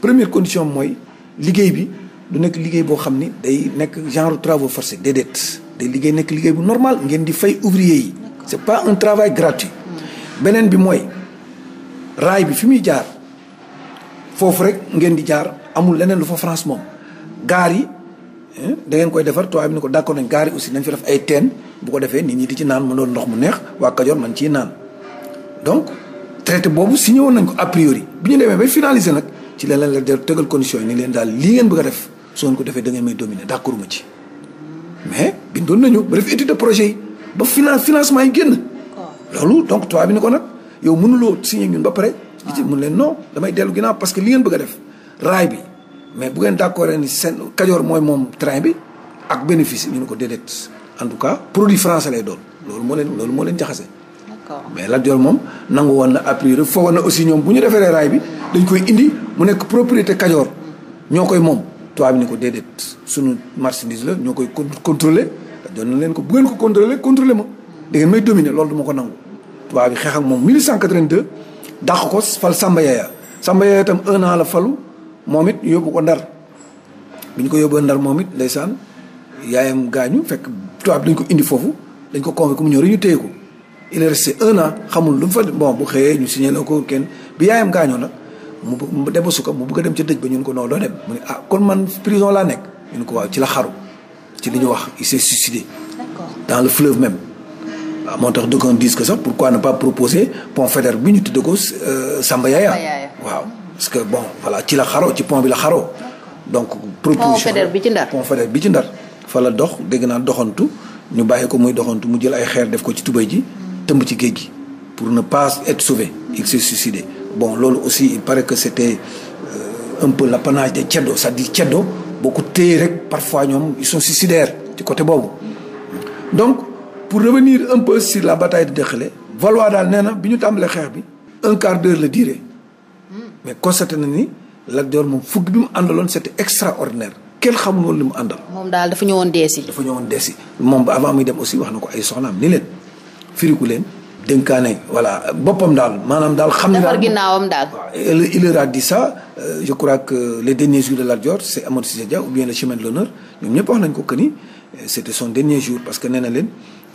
première condition mooy liggéey bi du nekk liggéey boo xam ni day nekk genre travaux forcés déedéet day liggéey nekk liggéey bu normal ngeen di fay ouvrier yi c'est pas un travail gratuit hmm. beneen bi mooy raay bi fi muy jaar foofu rek ngeen di jaar amul leneen lu fa France moom gaar yi da ngeen koy defar tubaab bi ni ko d'accord nañ gaari aussi nañ fi def ay teen bu ko defee nit ñi di ci naan mu doon ndox mu neex waa Kajoor man ciy naan donc traité boobu signé woon nañ ko a priori bi ñu demee bay finalisé nag ci leen leen la tegal condition yi ni leen daal lii ngeen bëgg a def su ngeen ko defee da ngeen may dominer d'accord ma ci mais bindoon nañu ba def étude de projet yi ba finance financement yi génn loolu donc tubaab bi ni ko nag yow mënuloo signé ñun ba pare di ci ah. leen non damay dellu ginnaaw parce que li ngeen bëgg a def raay bi mais bu ngeen d' accord ni seen kajoor mooy moom train bi ak bénéfice ñu ne ko déedéet en tout cas produit français lay doon loolu moo leen loolu moo leen jaxase. mais Lat Joor moom nangu woon na appui rek na aussi ñoom bu ñu defaree raay bi dañ koy indi mu nekk propriété kajoor ñoo koy moom tubaab bi ne ko déedéet suñu marchandise la ñoo koy contrôler Lat Joor na leen ko bu ngeen ko contrôler contrôler ma da ngeen may dominer loolu duma ko nangu tubaab bi xeex ak moom 1882 dàq ko fal Samba Yaya Samba Yaya itam un an la falu moom it yóbbu ko ndar bi ñu ko yóbboo ndar moom it ndeysaan yaayam gaañu fekk tubaab dañ ko indi foofu dañ ko convoqué mu ñëw rek ñu téye ko il est xamul lu fa bon bu xëyee ñu signé ko kenn bi yaayam gaañoo nag mu mu dem suka mu bëgg a dem ca dëj ba ñu ñun ko noo doo dem mu ne ah kon man prison laa nekk ñun ko waaw ci la xaru ci li ñu wax il s'est suicidé dans le fleuve même waaw ah, moo tax dëkkoon disque sax pourquoi ne pas proposer pont Faidherbe bi ñu tudde ko euh, Samba Yaya waaw parce que bon voilà ci la xaroo ci pont bi la xaroo. donc proposition bi ci ndar pont bi ci ndar. fa la dox dégg naa doxantu ñu bàyyi ko muy doxantu mu jël ay xeer def ko ci tubéy ji. tëmb ci géej gi pour ne pas être sauvé. il s'est suicidé bon loolu aussi il que c'était euh, un peu l'apanage des ceddo c'est-à-dire ceddo boo ko téye rek parfois ñoom ils sont suicidaires ci côté boobu. donc pour revenir un peu sur la bataille de Dexële Valois daal nee na bi ñu tàmbalee xeex bi. un quart la durée. mais constaté na ni Lat Dior moom fukk bi mu àndaloon c'était extraordinaire kenn xamul woon mu àndal. moom daal dafa ñëwoon deesi. dafa ñëwoon deesi moom ba avant muy dem aussi wax na ko ay soxnaam ni leen firiku leen dénkaane voilà boppam daal maanaam daal. xam naa daal. il leur a dit ça euh, je crois que les derniers jours de Lat Dior c'est Amadou Cissé Dia ou ñëpp wax nañ ko que ni euh, parce que nee leen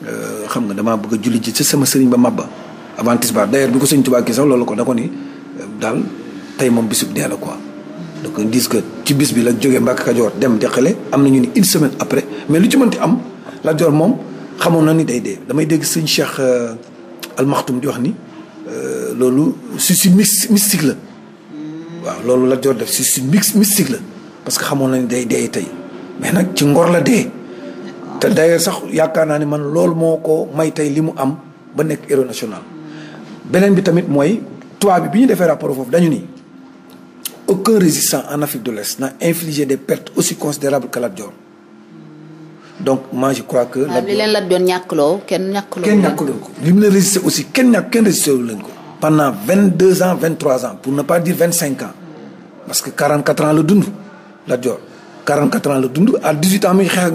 euh, xam nga damaa bëgg julli ji ci sama sëriñ ba mabba avant tisbaar d'ailleurs bi ko sëñ Tuubaa kii sax loolu ko da ko ni daal. tey moom bisub dee la quoi donc ils ci bis bi la jógee Mbàkke dem deqale am na ñu ni une semaine après mais lu ci mënti am Lat moom xamoon na ni day dee damay dégg sëñ Cheikh euh, Almakhtoum di wax ni euh, loolu suicide mystique la waaw loolu Lat Joor def suicide mystique la parce que xamoon na ni day dee tey mais nag ci ngor la dee te d'ailleurs sax yaakaar naa ni man loolu moo ko may tey li mu am ba nekk héros national beneen bi tamit mooy tubaab bi bi ñu defee rapport foofu dañu ni aucun résistant en Afrique de l'Est n'a infligé des pertes aussi considérables que Lat Dior donc moi je crois que. Lat Dior li leen Lat Dior ñàkkaloo kenn ñàkkaloo. kenn ko li mu leen résisté aussi kenn ñàkk kenn résisté wu leen ko. pendant vingt deux ans vingt trois ans pour ne pas dire vingt cinq ans parce la dund Lat Dior. 44 ans la dund à 18 ans mi ngi xeex ak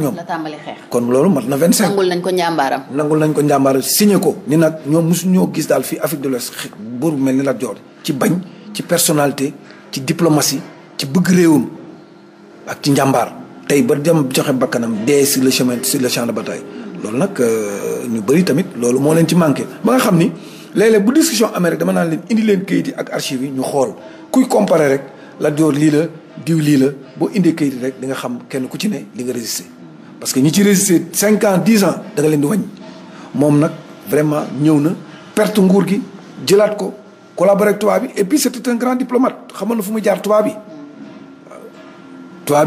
kon loolu mat na 25. nangul nañ ko njàmbaaram. nangul nañ ko njàmbaaram signé ko. ni nag ñoom mosu ñoo gis daal fii Afrique de l'Ouest xeex bu mel ni Lat Dior. ci bañ ci personnalité ci diplomatie ci bëgg réewum ak ci njàmbaar tey ba dem joxe bakkanam dee si le chemin si le champ de bataille loolu nag euh, ñu bari tamit loolu moo leen ci manqué ba nga xam ni léeg-léeg bu discussion amee rek dama naan leen indi leen kayit yi ak archive yi ñu xool kuy comparer rek Lat Joor lii la diw lii la boo indee kayit yi rek di nga xam kenn ku ci ne li nga résister parce que ñi ci résister cinquante ans dix ans da leen di wañ moom nag vraiment ñëw na perte nguur gi jëlaat ko collaboré ak tubaab bi et puis c'était un grand diplomate xamal na fu muy jaar tubaab bi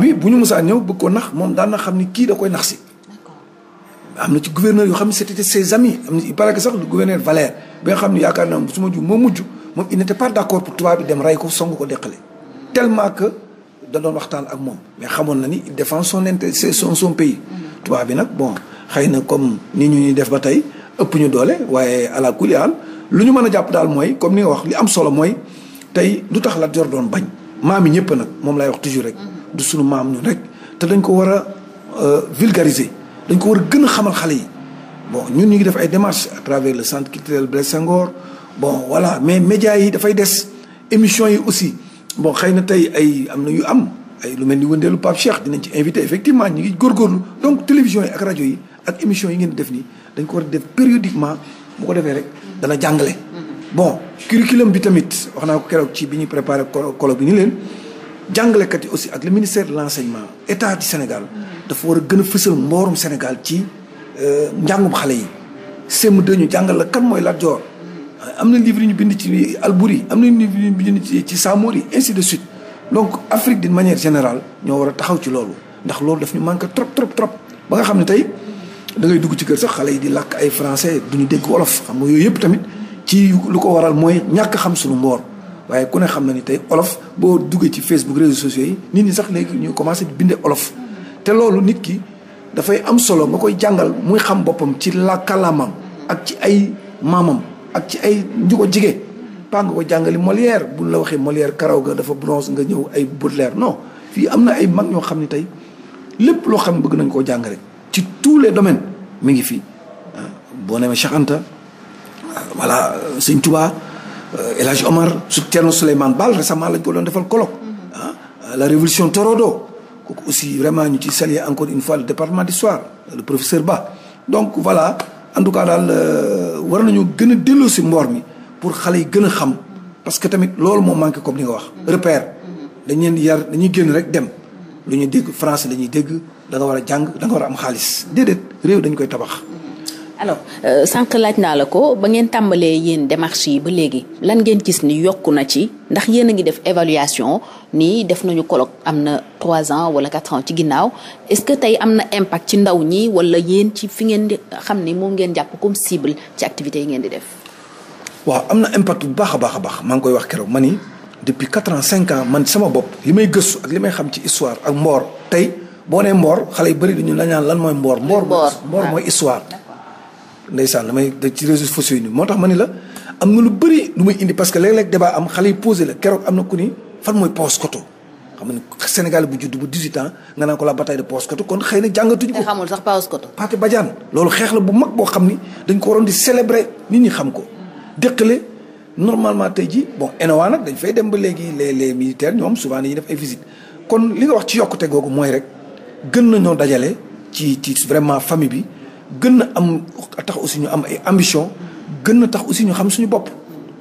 bi bu ñu musaa ñëw bëgg ko nax moom daan na xam ni kii da koy nax si am na ci gouverneur yoo xam ne c'était ses amis am na il sax le gouverneur Valère bi xam ne yaakaar na su ma ju moo mujj moom il n'était pas d'accord pour tubaab bi dem rey ko song ko deqale tellement que da waxtaan ak moom mais xamoon na ni il défend son intérêt son son pays mm-hmm. tubaab bi nag bon xëy na comme ni ñu ñuy def ba tey ëpp ñu doole waaye àla lu ñu mën a jàpp daal mooy comme ni nga wax li am solo mooy tey lu tax la Joor doon bañ maam yi ñëpp nag moom laay wax toujours rek. du suñu maam ñun rek te dañ ko war a euh, vulgariser dañ ko war a gën a xamal xale yi bon ñun ñu ngi def ay démarches à travers le centre culturel Blaise Senghor bon voilà mais médias yi dafay des émission yi aussi bon xëy na tey ay am na yu am ay lu mel ni wëndeelu Pape Cheikh dinañ ci invité effectivement ñu ngi góorgóorlu donc télévision yi rajo yi ak émissions yi def nii dañ ko war a def périodiquement. bu ko defee rek dana jàngale. bon curriculum bi tamit wax naa ko keroog ci bi ñuy préparé kolo bi ni leen jàngalekat yi aussi ak le ministère de l' enseignement état du Sénégal dafa war a gën a fësal mboorum Sénégal ci euh, njàngum xale yi. CM2 ñu jàngal la kan mooy Lat Joor am na livre yu ñu bind ci Albouri am na livre yu ñu bind ci Samori ainsi de suite donc Afrique di manière générale ñoo war a taxaw ci loolu ndax loolu daf ñu manqué trop trop trop ba nga xam ne tey. dangay dugg ci kër sax xale yi di làkk ay français duñu dégg wolof xam nga yooyu yëpp tamit ci lu ko waral mooy ñàkk xam suñu mboor waaye ku ne xam na ni tey olof boo duggee ci Facebook réseaux sociaux yi nit ñi sax léegi ñu commencé di binde te loolu nit ki dafay am solo nga koy jàngal muy xam boppam ci la ak ci ay maamam ak ci ay ñu jige paa nga ko jàngali Molière bu la waxee Molière karaw ga dafa bronze nga ñëw ay Baudelaire non fii am na ay mag ñoo xam ne tey lépp loo xam bëgg nañ koo jàng ci tous les domaines mi ngi fi boo demee Cheikh Anta voilà Sëñ Touba El Omar su Thierno Souleymane Baal récemment lañ ko doon defal colloque ah, la révolution Torodo kooku aussi vraiment ñu ci saluer encore une fois le département d'histoire le professeur Ba donc voilà en tout cas daal euh, war nañu gën a delloo si mboor mi pour xale yi gën a xam parce que tamit loolu moo manqué comme li nga wax repère dañ leen yar dañuy génn rek dem lu ñu dégg France la ñuy dégg da nga war a jàng da war a am xaalis déedéet réew dañ koy tabax. alors euh, sànq laaj naa la ko ba ngeen tàmbalee yéen démarches yi ba léegi lan ngeen gis ni yokk na ci ndax yéen a ngi def évaluation nii def nañu kolog am na trois ans wala quatre ans ci ginnaaw est-ce que tey am na impact ci ndaw ñi wala yéen ci fi ngeen di xam ni moom ngeen jàpp comme cible ci activités yi ngeen di def. waaw am na impact bu baax a baax a baax maa ngi koy wax keroog ma ni depuis quatre ans man sama bopp li may gëstu ak li may xam ci histoire ak mboor boo nee mboor xale yu bëri dañu la ñaan lan mooy mboor. mboor mboor mooy ah. histoire. ndeysaan damay ci réseaux sociaux yi moo tax ma ni la am na lu bëri lu muy indi parce que léeg-léeg débat am xale yi posé la keroog am na ku ni fan mooy Paoskoto. xam nga ni Sénégal bu judd bu 18 ans nga naan ko la bataille de Paoskoto kon xëy na jàngatuñu ko. te xamul sax Paoskoto. Pathé Badiane loolu xeex la bu mag boo xam ni dañ ko waroon di célébrer nit ñi xam ko. dëkkale normalement tey ji bon ENOA nag dañ fay dem ba léegi les les militaires ñoom souvent dañuy def ay visite kon li nga wax ci yokkute googu mooy rek gën nañoo dajale ci ci vraiment famille bi gën na am tax aussi ñu am ay ambition gën na tax aussi ñu xam suñu bopp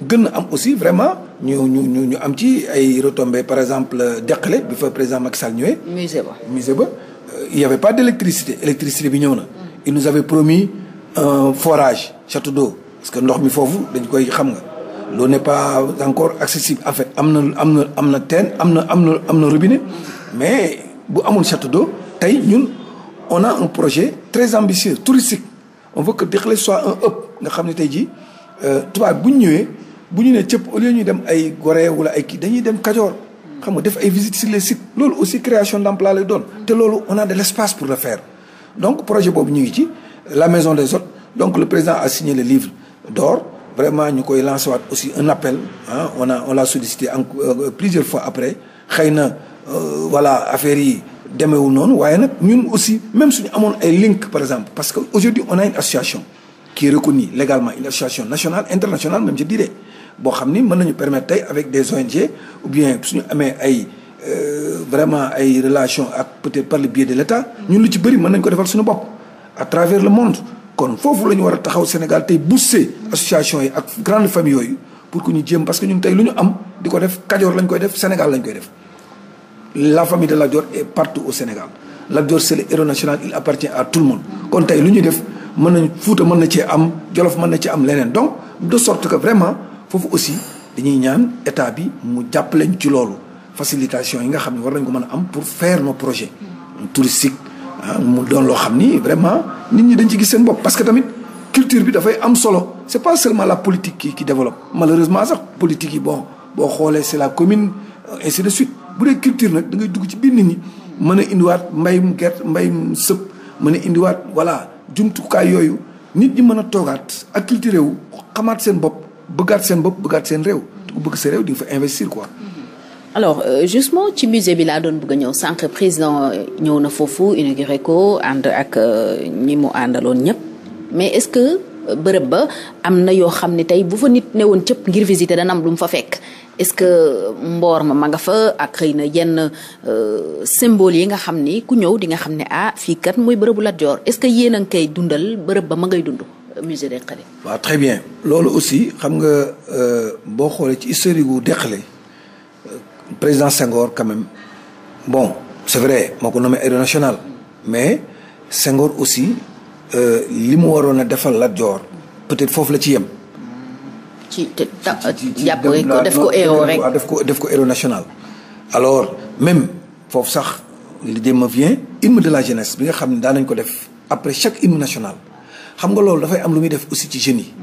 gën am aussi vraiment ñu ñu ñu ñu am ci ay retombées par exemple Deqale bi fa président Macky Sall ñëwee. musée ba ba euh, il y avait bi ñëw na. Mm. il nous avait promis forage château parce que ndox mi foofu dañ koy xam nga. loolu n'est pas encore accessible en fait am na am am na teen am na am na am na robinet mm. mais bu amul château d'eau tey ñun on a un projet très ambitieux touristique on veut que Dexle soit un nga xam ne tey jii euh, tubaab bu ñu ñëwee bu ñu nee cëp au lieu ñuy dem ay Gorée wala ay kii dañuy dem Kajoor. xam nga def ay visites sur les sites. loolu aussi création d'emploi lay doon. te loolu on a de l'espace pour le faire donc projet boobu ñu ngi ci la maison des hôtes donc le président a signé le livre d'or vraiment ñu koy lancé waat aussi un appel ah on a on l'a sollicité en euh, plusieurs fois xëy na euh, voilà affaire yi. demeewul noonu waaye nag ñun aussi même suñu amoon ay link par exemple parce que aujourd'hui on a une association qui est reconnue légalement une association nationale internationale même je dirais boo xam ni mën nañu permettre tey avec des ONG ou bien suñu amee ay euh, vraiment ay relation ak peut-être par le biais de l'État ñun lu ci bëri mën nañ ko defal suñu bopp à travers le monde kon foofu la ñu war a taxaw Sénégal tey booster association yi ak grande famille yooyu pour ku ñu jéem parce que ñun tey lu ñu am di ko def Kajoor lañ koy def Sénégal lañ koy def la famille de la Dior est partout au Sénégal Lat Dior c'est le il appartient à tout le monde kon tey lu ñuy def mën nañ Fuuta mën na cee am Jolof mën na ci am leneen donc de sorte que vraiment foofu aussi dañuy ñaan état bi mu jàppaleñ ci loolu facilitation yi nga xam ne war nañ ko mën a am pour faire nos projets touristiques ah, mu doon loo xam ni vraiment nit ñi dañ ci gis seen bopp parce que tamit culture bi dafay am solo c'est pas seulement la politique qui qui développe malheureusement sax politique yi bon boo xoolee c'est la commune euh, ainsi de suite bu dee culture nag da ngay dugg ci biir nit ñi mën a indiwaat mbayum mbay mu sëb mën a indiwaat voilà jumtukaay yooyu nit ñi mën a toogaat ak culture wu xamaat seen bopp bëggaat seen bopp bëggaat seen réew te ku bëgg sa réew di fa investir quoi mm-hmm. alors euh, justement ci musée bi laa doon bëgg a ñëw sànq président ñëw na foofu inauguré ko ànd ak euh, ñii mu àndaloon ñëpp mais est-ce que bërëb ba am na yoo xam ne tey bu fa nit newoon cëpp ngir visiter dana am mu fa fekk est-ce que mboor ma ma nga fa ak xëy na yenn euh, symbole yi nga xam ni ku ñëw di nga xam ne ah fii kat mooy bërëbu Lat Joor est-ce que yéen a ngi dundal bërëb ba ma ngay dund euh, musée des Xalé. waaw très bien loolu aussi xam nga euh, boo xoolee ci historique gu Dexale président Senghor quand même bon c'est vrai moo ko nommé héros national mais Senghor aussi. Euh, li mu waroon a defal la Joor peut-être foofu la ci yem. ci te jàpp rek ko def ko héros def ko def ko héros national. alors même foofu sax l'idée me vient hymne de la jeunesse bi nga xam ne daan nañ ko def après chaque hymne national xam nga loolu dafay am lu muy def aussi ci jeunes yi.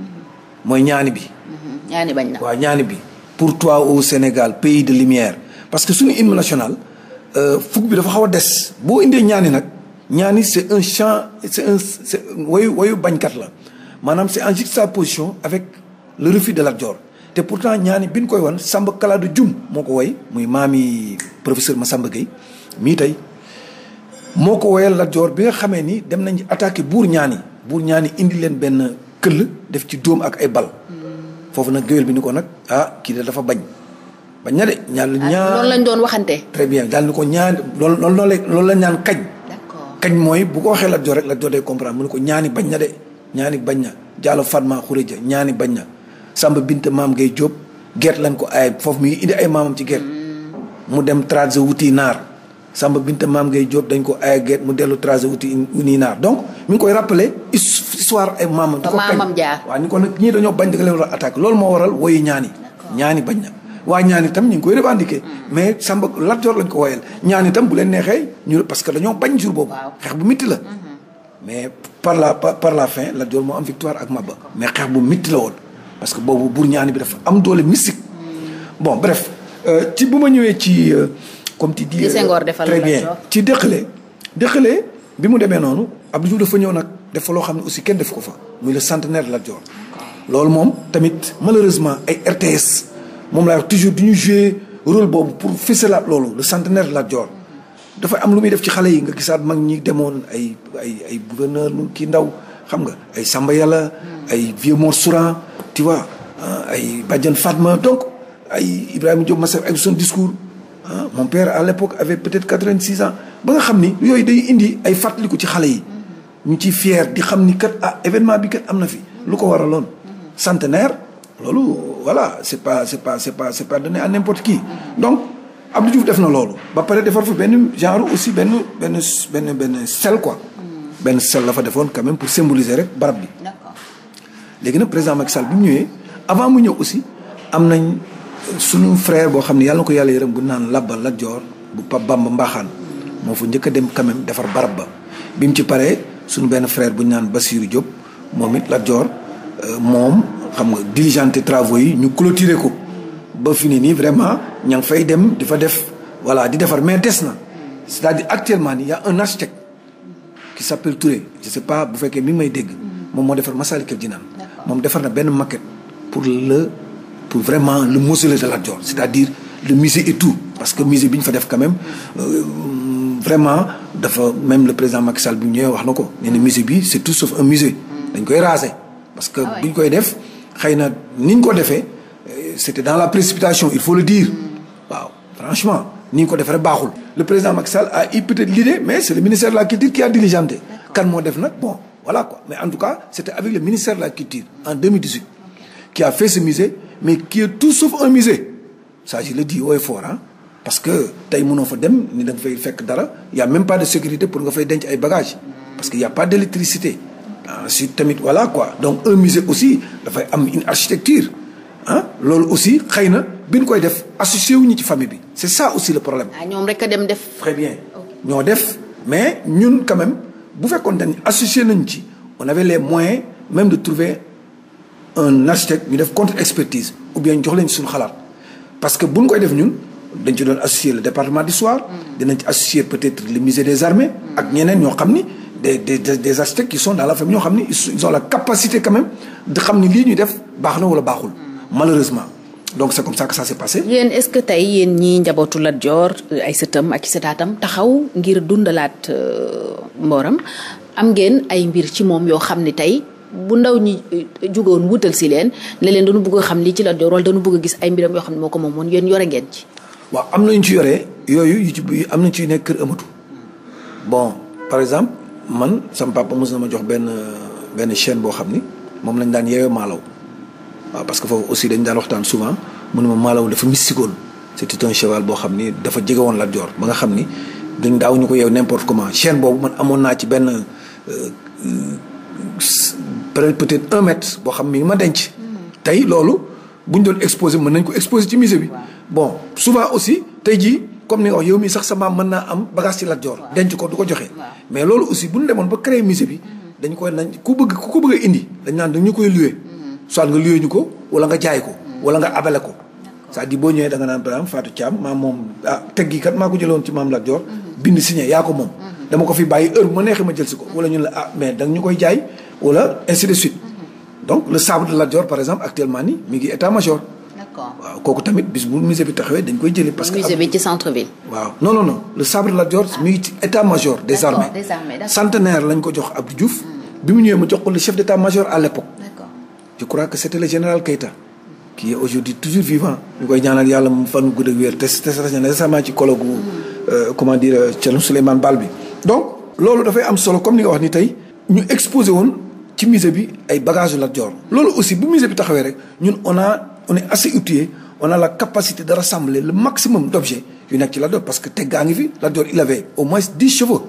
mooy ñaani bi. Mm-hmm. ñaani bañ na waaw ñaani bi. pour toi au Sénégal pays de lumière parce que suñu hymne national euh, fukk bi dafa xaw a des boo indee ñaani nag. ñaani c'est un chant c'est un c'est wayu bañkat la maanaam c'est en juxtaposition avec le refus de Lat Dior te pourtant ñaani bi ñu koy wan Samba Kalaadu Jum moo ko woy muy maami professeur Massamba Gueye mii tey moo ko woyal Lat Dior bi nga xamee ni dem nañ attaqué buur ñaani buur ñaani indi leen benn këll def ci dóom ak ay bal foofu nag géwél bi ni ko nag ah kii de dafa bañ bañ na de ñaan lu ah, ñaan loolu lañ doon waxante très bien daal ni ko ñaan lool loolu la loolu la ñaan kañ kañ mooy bu ko waxee Lat Joor rek Lat Joor mu ne ko ñaani bañ na de ñaani bañ na Diallo Fatma Khourédia ñaani bañ na Samba Binta Maam Gay Jóob gert lañ ko ay foofu muy indi ay maamam ci gert mm. mu dem trase wuti naar Samba Binta Maam Gay Jóob dañ ko ay gert mu dellu trase wuti nii naar donc mi ngi koy rappelé histoire ay maamam di ko kañ waaw ni ko nag ñii dañoo bañ dëgg leen attaque loolu moo waral woyu ñaani ñaani bañ na waa ñaan itam ñu ngi koy revendiquer mais Samba Lat Joor ko woyal ñaan tam bu leen neexee ñu parce que dañoo bañ jour boobu xeex bu mitti la mhm. mais par la par la fin Lat Joor moo am victoire ak Maba mais xeex bu mitti la woon parce que boobu buur ñaan bi dafa am doole mystique mhm. bon bref euh, ci bu ma ñëwee ci euh, comme tu dis très bien ci dëkkale dëkkale bi mu demee noonu Abdou Diouf dafa ñëw nag def loo xam ne aussi kenn def ko fa muy le centenaire de Lat moom tamit malheureusement ay RTS moom laa wax toujours du ñu joué rôle boobu pour fësalaat loolu le centenaire de Lat Dior dafa am lu muy def ci xale yi nga gisaat mag ñi demoon ay ay ay gouverneur lu kii ndaw xam nga ay Samba Yàlla ay vieux Mor Souran tu vois ah, ay Badiane Fatma donc ay Ibrahima Diop Massaf ak son discours ah mon père à l'époque avait peut-être quatre-vingt-six ans ba nga xam ni yooyu day indi ay fàttaliku ci xale yi ñu ci fier di xam ni kat ah événement bi kat am na fi lu ko waraloon centenaire loolu voilà c'est pas c'est pas c'est pas c'est pas donné à n'importe qui donc Abdou Diouf def na loolu ba pare defar fa benn genre aussi benn benn benn benn sel quoi hmm. benn sel la fa defoon quand pour symboliser rek barab bi léegi nag président Macky Sall bi mu ñëwee avant mu ñëw aussi am nañ suñu frère boo xam ne yàlla ko yàlla yërëm bu naan Labba Lat Joor bu Pape Bamba Mbaxaan moo fa njëkk dem quand defar barab ba bi ci paree suñu benn frère bu ñu naan bassiru Diop moom it Lat Joor euh, moom xam nga diligenter travaux yi ñu clôturer ko ba fi ni nii vraiment ña ngi fay dem di fa def voilà di defar mais des na c'est-à-dire actuellement nii y un architecte qui s'appelle Touré je sais pas bu fekkee mi ngi may dégg moom moo defar Massalikul Jinaan moom defar na benn maquette pour le pour vraiment le mausolée de Lat Dior c'est-à-dire le musée et tout parce que musée bi ñu fa def quand même euh, vraiment dafa même le président Macky Sall bi ñëwee wax na ko nee musée bi c'est tout sauf un dañ koy raser parce que ah bu koy def xëy na ni ñu ko defee c'était dans la précipitation il faut le dire waaw franchement ni ñu ko defee rek baaxul. le président Macky Sall a eu peut l'idée mais c'est le ministère de la culture qui a diligenté. kan moo def nag bon voilà quoi mais en tout cas c'était avec le ministère de la en 2018 qui a fait ce musée mais qui est tout sauf un musée ça je le dis haut et fort ah. parce que tey mënoo fa dem ni da nga fay fekk dara y a même pas de sécurité pour nga fay denc ay bagages parce que y a pas ensuite ah, tamit voilà quoi donc un musée aussi dafay am une architecture ah loolu aussi xëy na bi ñu koy def associé wuñu ci famille bi c'est ça aussi le problème. ah ñoom rek a dem def. très bien ñoo def mais ñun quand bu fekkoon dañ associé nañu ci on les moyens même de trouver un architecte ñu def contre expertise ou jox leen suñu xalaat parce que bu ñu koy def ñun. dañ ci doon associer le département d'histoire. Mm. dinañ ci associer peut-être le musée des armées. ak ñeneen ñoo xam ni des des des architectes qui sont dans la famille ñoo xam ni ils ont la capacité quand même de xam ni lii ñuy def baax na wala baaxul malheureusement donc c'est comme ça que ça s'est passé. yéen est-ce que tey yéen ñii njabootu Lat Joor ay sëtam ak sëtaatam taxaw ngir dundalaat euh, mbooram am ngeen ay mbir ci moom yoo xam ni tey bu ndaw ñi euh, jugoon wutal si leen ne leen dañu bëgg a xam lii ci Lat Joor wala dañu bëgg a gis ay mbiram yoo xam ne moo ko moomoon yéen yore ngeen ci. waaw am nañu ci yore yooyu yu ci am nañu ci nekk kër amatu bon par exemple man sama papa mos na ma jox benn benn chaîne boo xam ni moom lañ daan yeewee Malaw waaw parce que foofu aussi dañ daan waxtaan souvent mu ne ma Malaw dafa mistikoon c'était un cheval boo xam ni dafa jege woon Lat Dior ba nga xam ni duñ daaw ñu ko yeew n'importe comment chaîne boobu man amoon naa ci benn euh, euh, peut-être un mètre boo xam mi ngi ma denc. Hmm. tey loolu bu ñu doon exposé mën nañ ko exposé ci musée bi. bon souvent aussi tey jii. comme ni nga oh, wax yow mii sax sa maam mën naa am bagage ci Lat Joor denc ko du ko joxe mais loolu aussi bu ñu demoon ba créer musée bi mhm. dañ koy nañ ko bëgg ku ko bëgg a indi dañ naan dañu koy loué mhm. soit nga loué ñu ko wala nga jaay ko mhm. wala nga abale ko cest à boo ñëwee da nga naan par exemple Fatou Thiam maam moom ah teg gi kat maa ko jëloon ci maam Lat Joor bind signé yaa ko moom dama ko fi bàyyi heure bu ma neexee ma jël si ko wala ñun la ah mais danga ñu koy jaay wala ainsi de suite donc le sabre de Lat par exemple actuellement ni mi ngi état major d'accord waaw kooku tamit bis bu musée bi taxawee dañ koy jëlee. parce que musée bi ci centre ville. waaw non non non sabre Lat Dior état major. des centenaire lañ ko jox Abdou Diouf. bi mu ñëwee mu jox ko le chef d'état major à l'époque. d'accord je crois que c'était le général Keita. qui est aujourd'hui toujours vivant. ñu koy ñaanal yàlla mu fan gudd ak wér te te récemment ci colloque mm-hmm. euh, comment dire euh, Thierno Souleymane Bal bi. donc loolu dafay am solo comme ni nga wax ni tey ñu exposé woon ci musée bi ay bagages Lat Dior. loolu aussi bu bi taxawee rek on est assez outillé on a la capacité de rassembler le maximum d'objets yu nekk ci Lat parce que teg gaa ngi fi Lat Dior il avait au moins dix chevaux.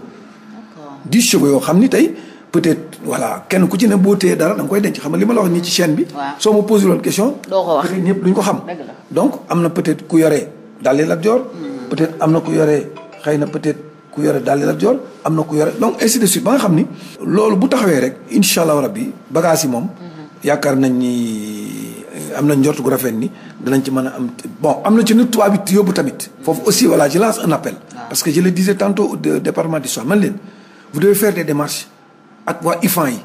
dix chevaux yoo xam ni tey peut-être voilà kenn ku ci ne boo téyee dara da nga koy denc xam li ma la wax nii ci chaîne bi. soo ma posé woon question. doo ko wax peut-être ñëpp na peut-être ku yore daal Lat Dior. Hmm. peut-être am na ku yore xëy na peut-être ku yore daal Lat Dior am na ku yore donc ainsi de ba nga xam ni. loolu bu taxawee rek incha allah rabbi bagages yi moom. Hmm. yaakaar nañ ni. am na njort gu rafet ni danañ ci mën a am tamit. foofu aussi voilà je lance appel. Ah. parce que je le disais tantôt au département d'histoire man leen vous devez faire ak waa IFAN yi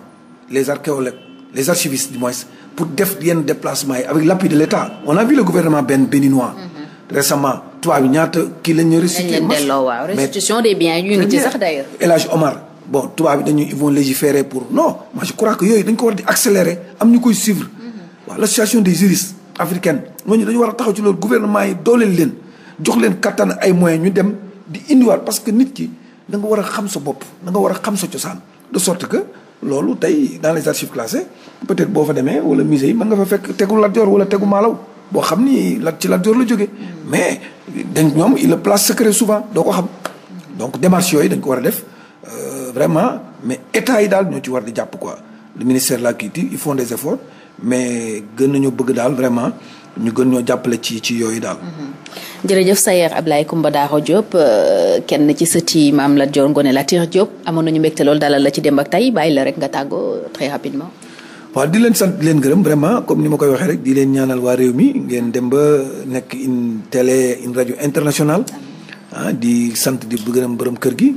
les archéologues les archivistes du moins pour def yenn déplacement yi avec l'appui de l'État on a vu le gouvernement benn béninois. Mm-hmm. récemment tubaab yi ñaata kii la restitution des biens ñu Omar bon tubaab yi dañu ils vont légiférer pour non moi je crois yooyu dañ ko war di waaw l'association des juristes africaine ñooñu dañu war a taxaw ci loolu gouvernement yi dooleel leen jox leen kattan ay moyens ñu dem di indiwaat parce que nit ki da war a xam sa bopp da war a xam sa cosaan de sorte que loolu tey dans les archives classées peut-être boo fa demee wala musée yi mën nga fa fekk tegu Lat Joor wala tegu Maalaw boo xam ni lat ci Lat Joor la jógee mais dañ ñoom il le place secret souvent doo ko xam donc démarche yooyu dañ ko war a def euh, vraiment mais état yi daal ñoo ci war di jàpp quoi le ministère de la culture ils font des efforts mais gën nañoo bëgg daal vraiment ñu gën ñoo jàppale ci ci yooyu daal. Mm-hmm. jërëjëf Sayer Ablaye Coumba Daro Diop euh, kenn ci sëti Maam la Lat Joor la Latyr Diop amoon nañu mbégte loolu dalal la ci démb ak tay bàyyi la rek nga tàggoo très rapidement. waaw di leen sant di leen gërëm vraiment comme ni ma koy waxee rek di leen ñaanal waa réew mi ngeen dem ba nekk une télé une radio internationale ah, di sant di gërëm borom kër gi.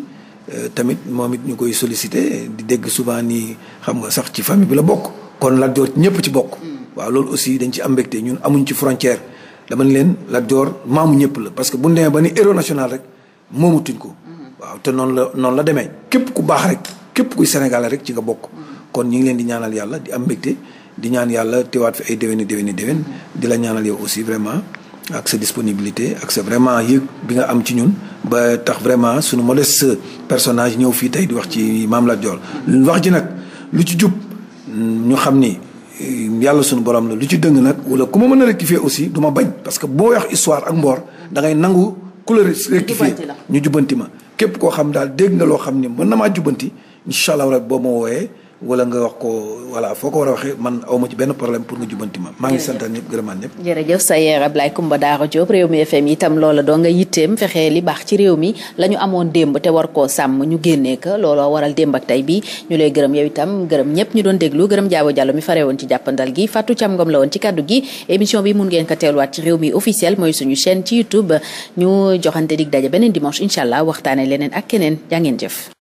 Euh, tamit moom it ñu koy solicité di dégg souvent nii xam nga sax ci famille bi la bokk kon Lat Joor ñëpp ci bokk waaw loolu aussi dañ ci am mbégte ñun amuñ ci frontière dama ne leen Lat Joor maamu ñëpp la parce que bu ñu ba ni héros national rek moomatuñ ko waaw te noonu la noonu la demee képp ku baax rek képp kuy Sénégalais rek ci nga bokk kon ñu ngi leen di ñaanal yàlla di am mbégte di ñaan yàlla teewaat fi ay déwéni déwéni déwén di la ñaanal aussi vraiment ak sa disponibilité ak sa vraiment yëg bi nga am ci ñun ba tax vraiment suñu modeste personnage ñëw fii tey di wax ci Maam Lat Joor wax ji nag lu ci jub ñu xam ni euh, yàlla suñu borom la lu ci dëng nag wala ku ma mën a rectifier aussi du ma bañ parce que boo wax histoire ak mboor da ngay nangu ku la rectifier ñu jubbanti ma képp koo xam daal dégg nga loo xam ni mën na maa jubbanti incha allah rek boo ma wooyee wala nga wax ko voilà foo ko war a waxee man awma ci benn problème pour nga jubanti ma maa ngi santaan ñëpp gërëmaan ñëpp jërëjëf Sayer Ablaye Coumba Daara Diop réew mi FM itam loola doo nga yitteem fexee li baax ci réew mi la ñu amoon démb te war koo sàmm ñu génnee ko looloo waral démb tey bi ñu lay gërëm yow itam gërëm ñëpp ñu doon déglu gërëm jaabo jàllo mi fare woon ci jàppandal gi fattu Thiam Ngom la woon ci kaddu gi émission bi mun ngeen ko teeluwaat ci réew mi officiel mooy suñu chaîne ci YouTube ñu joxante dig daje beneen dimanche incha allah waxtaane leneen ak keneen jàngeen ngeen jëf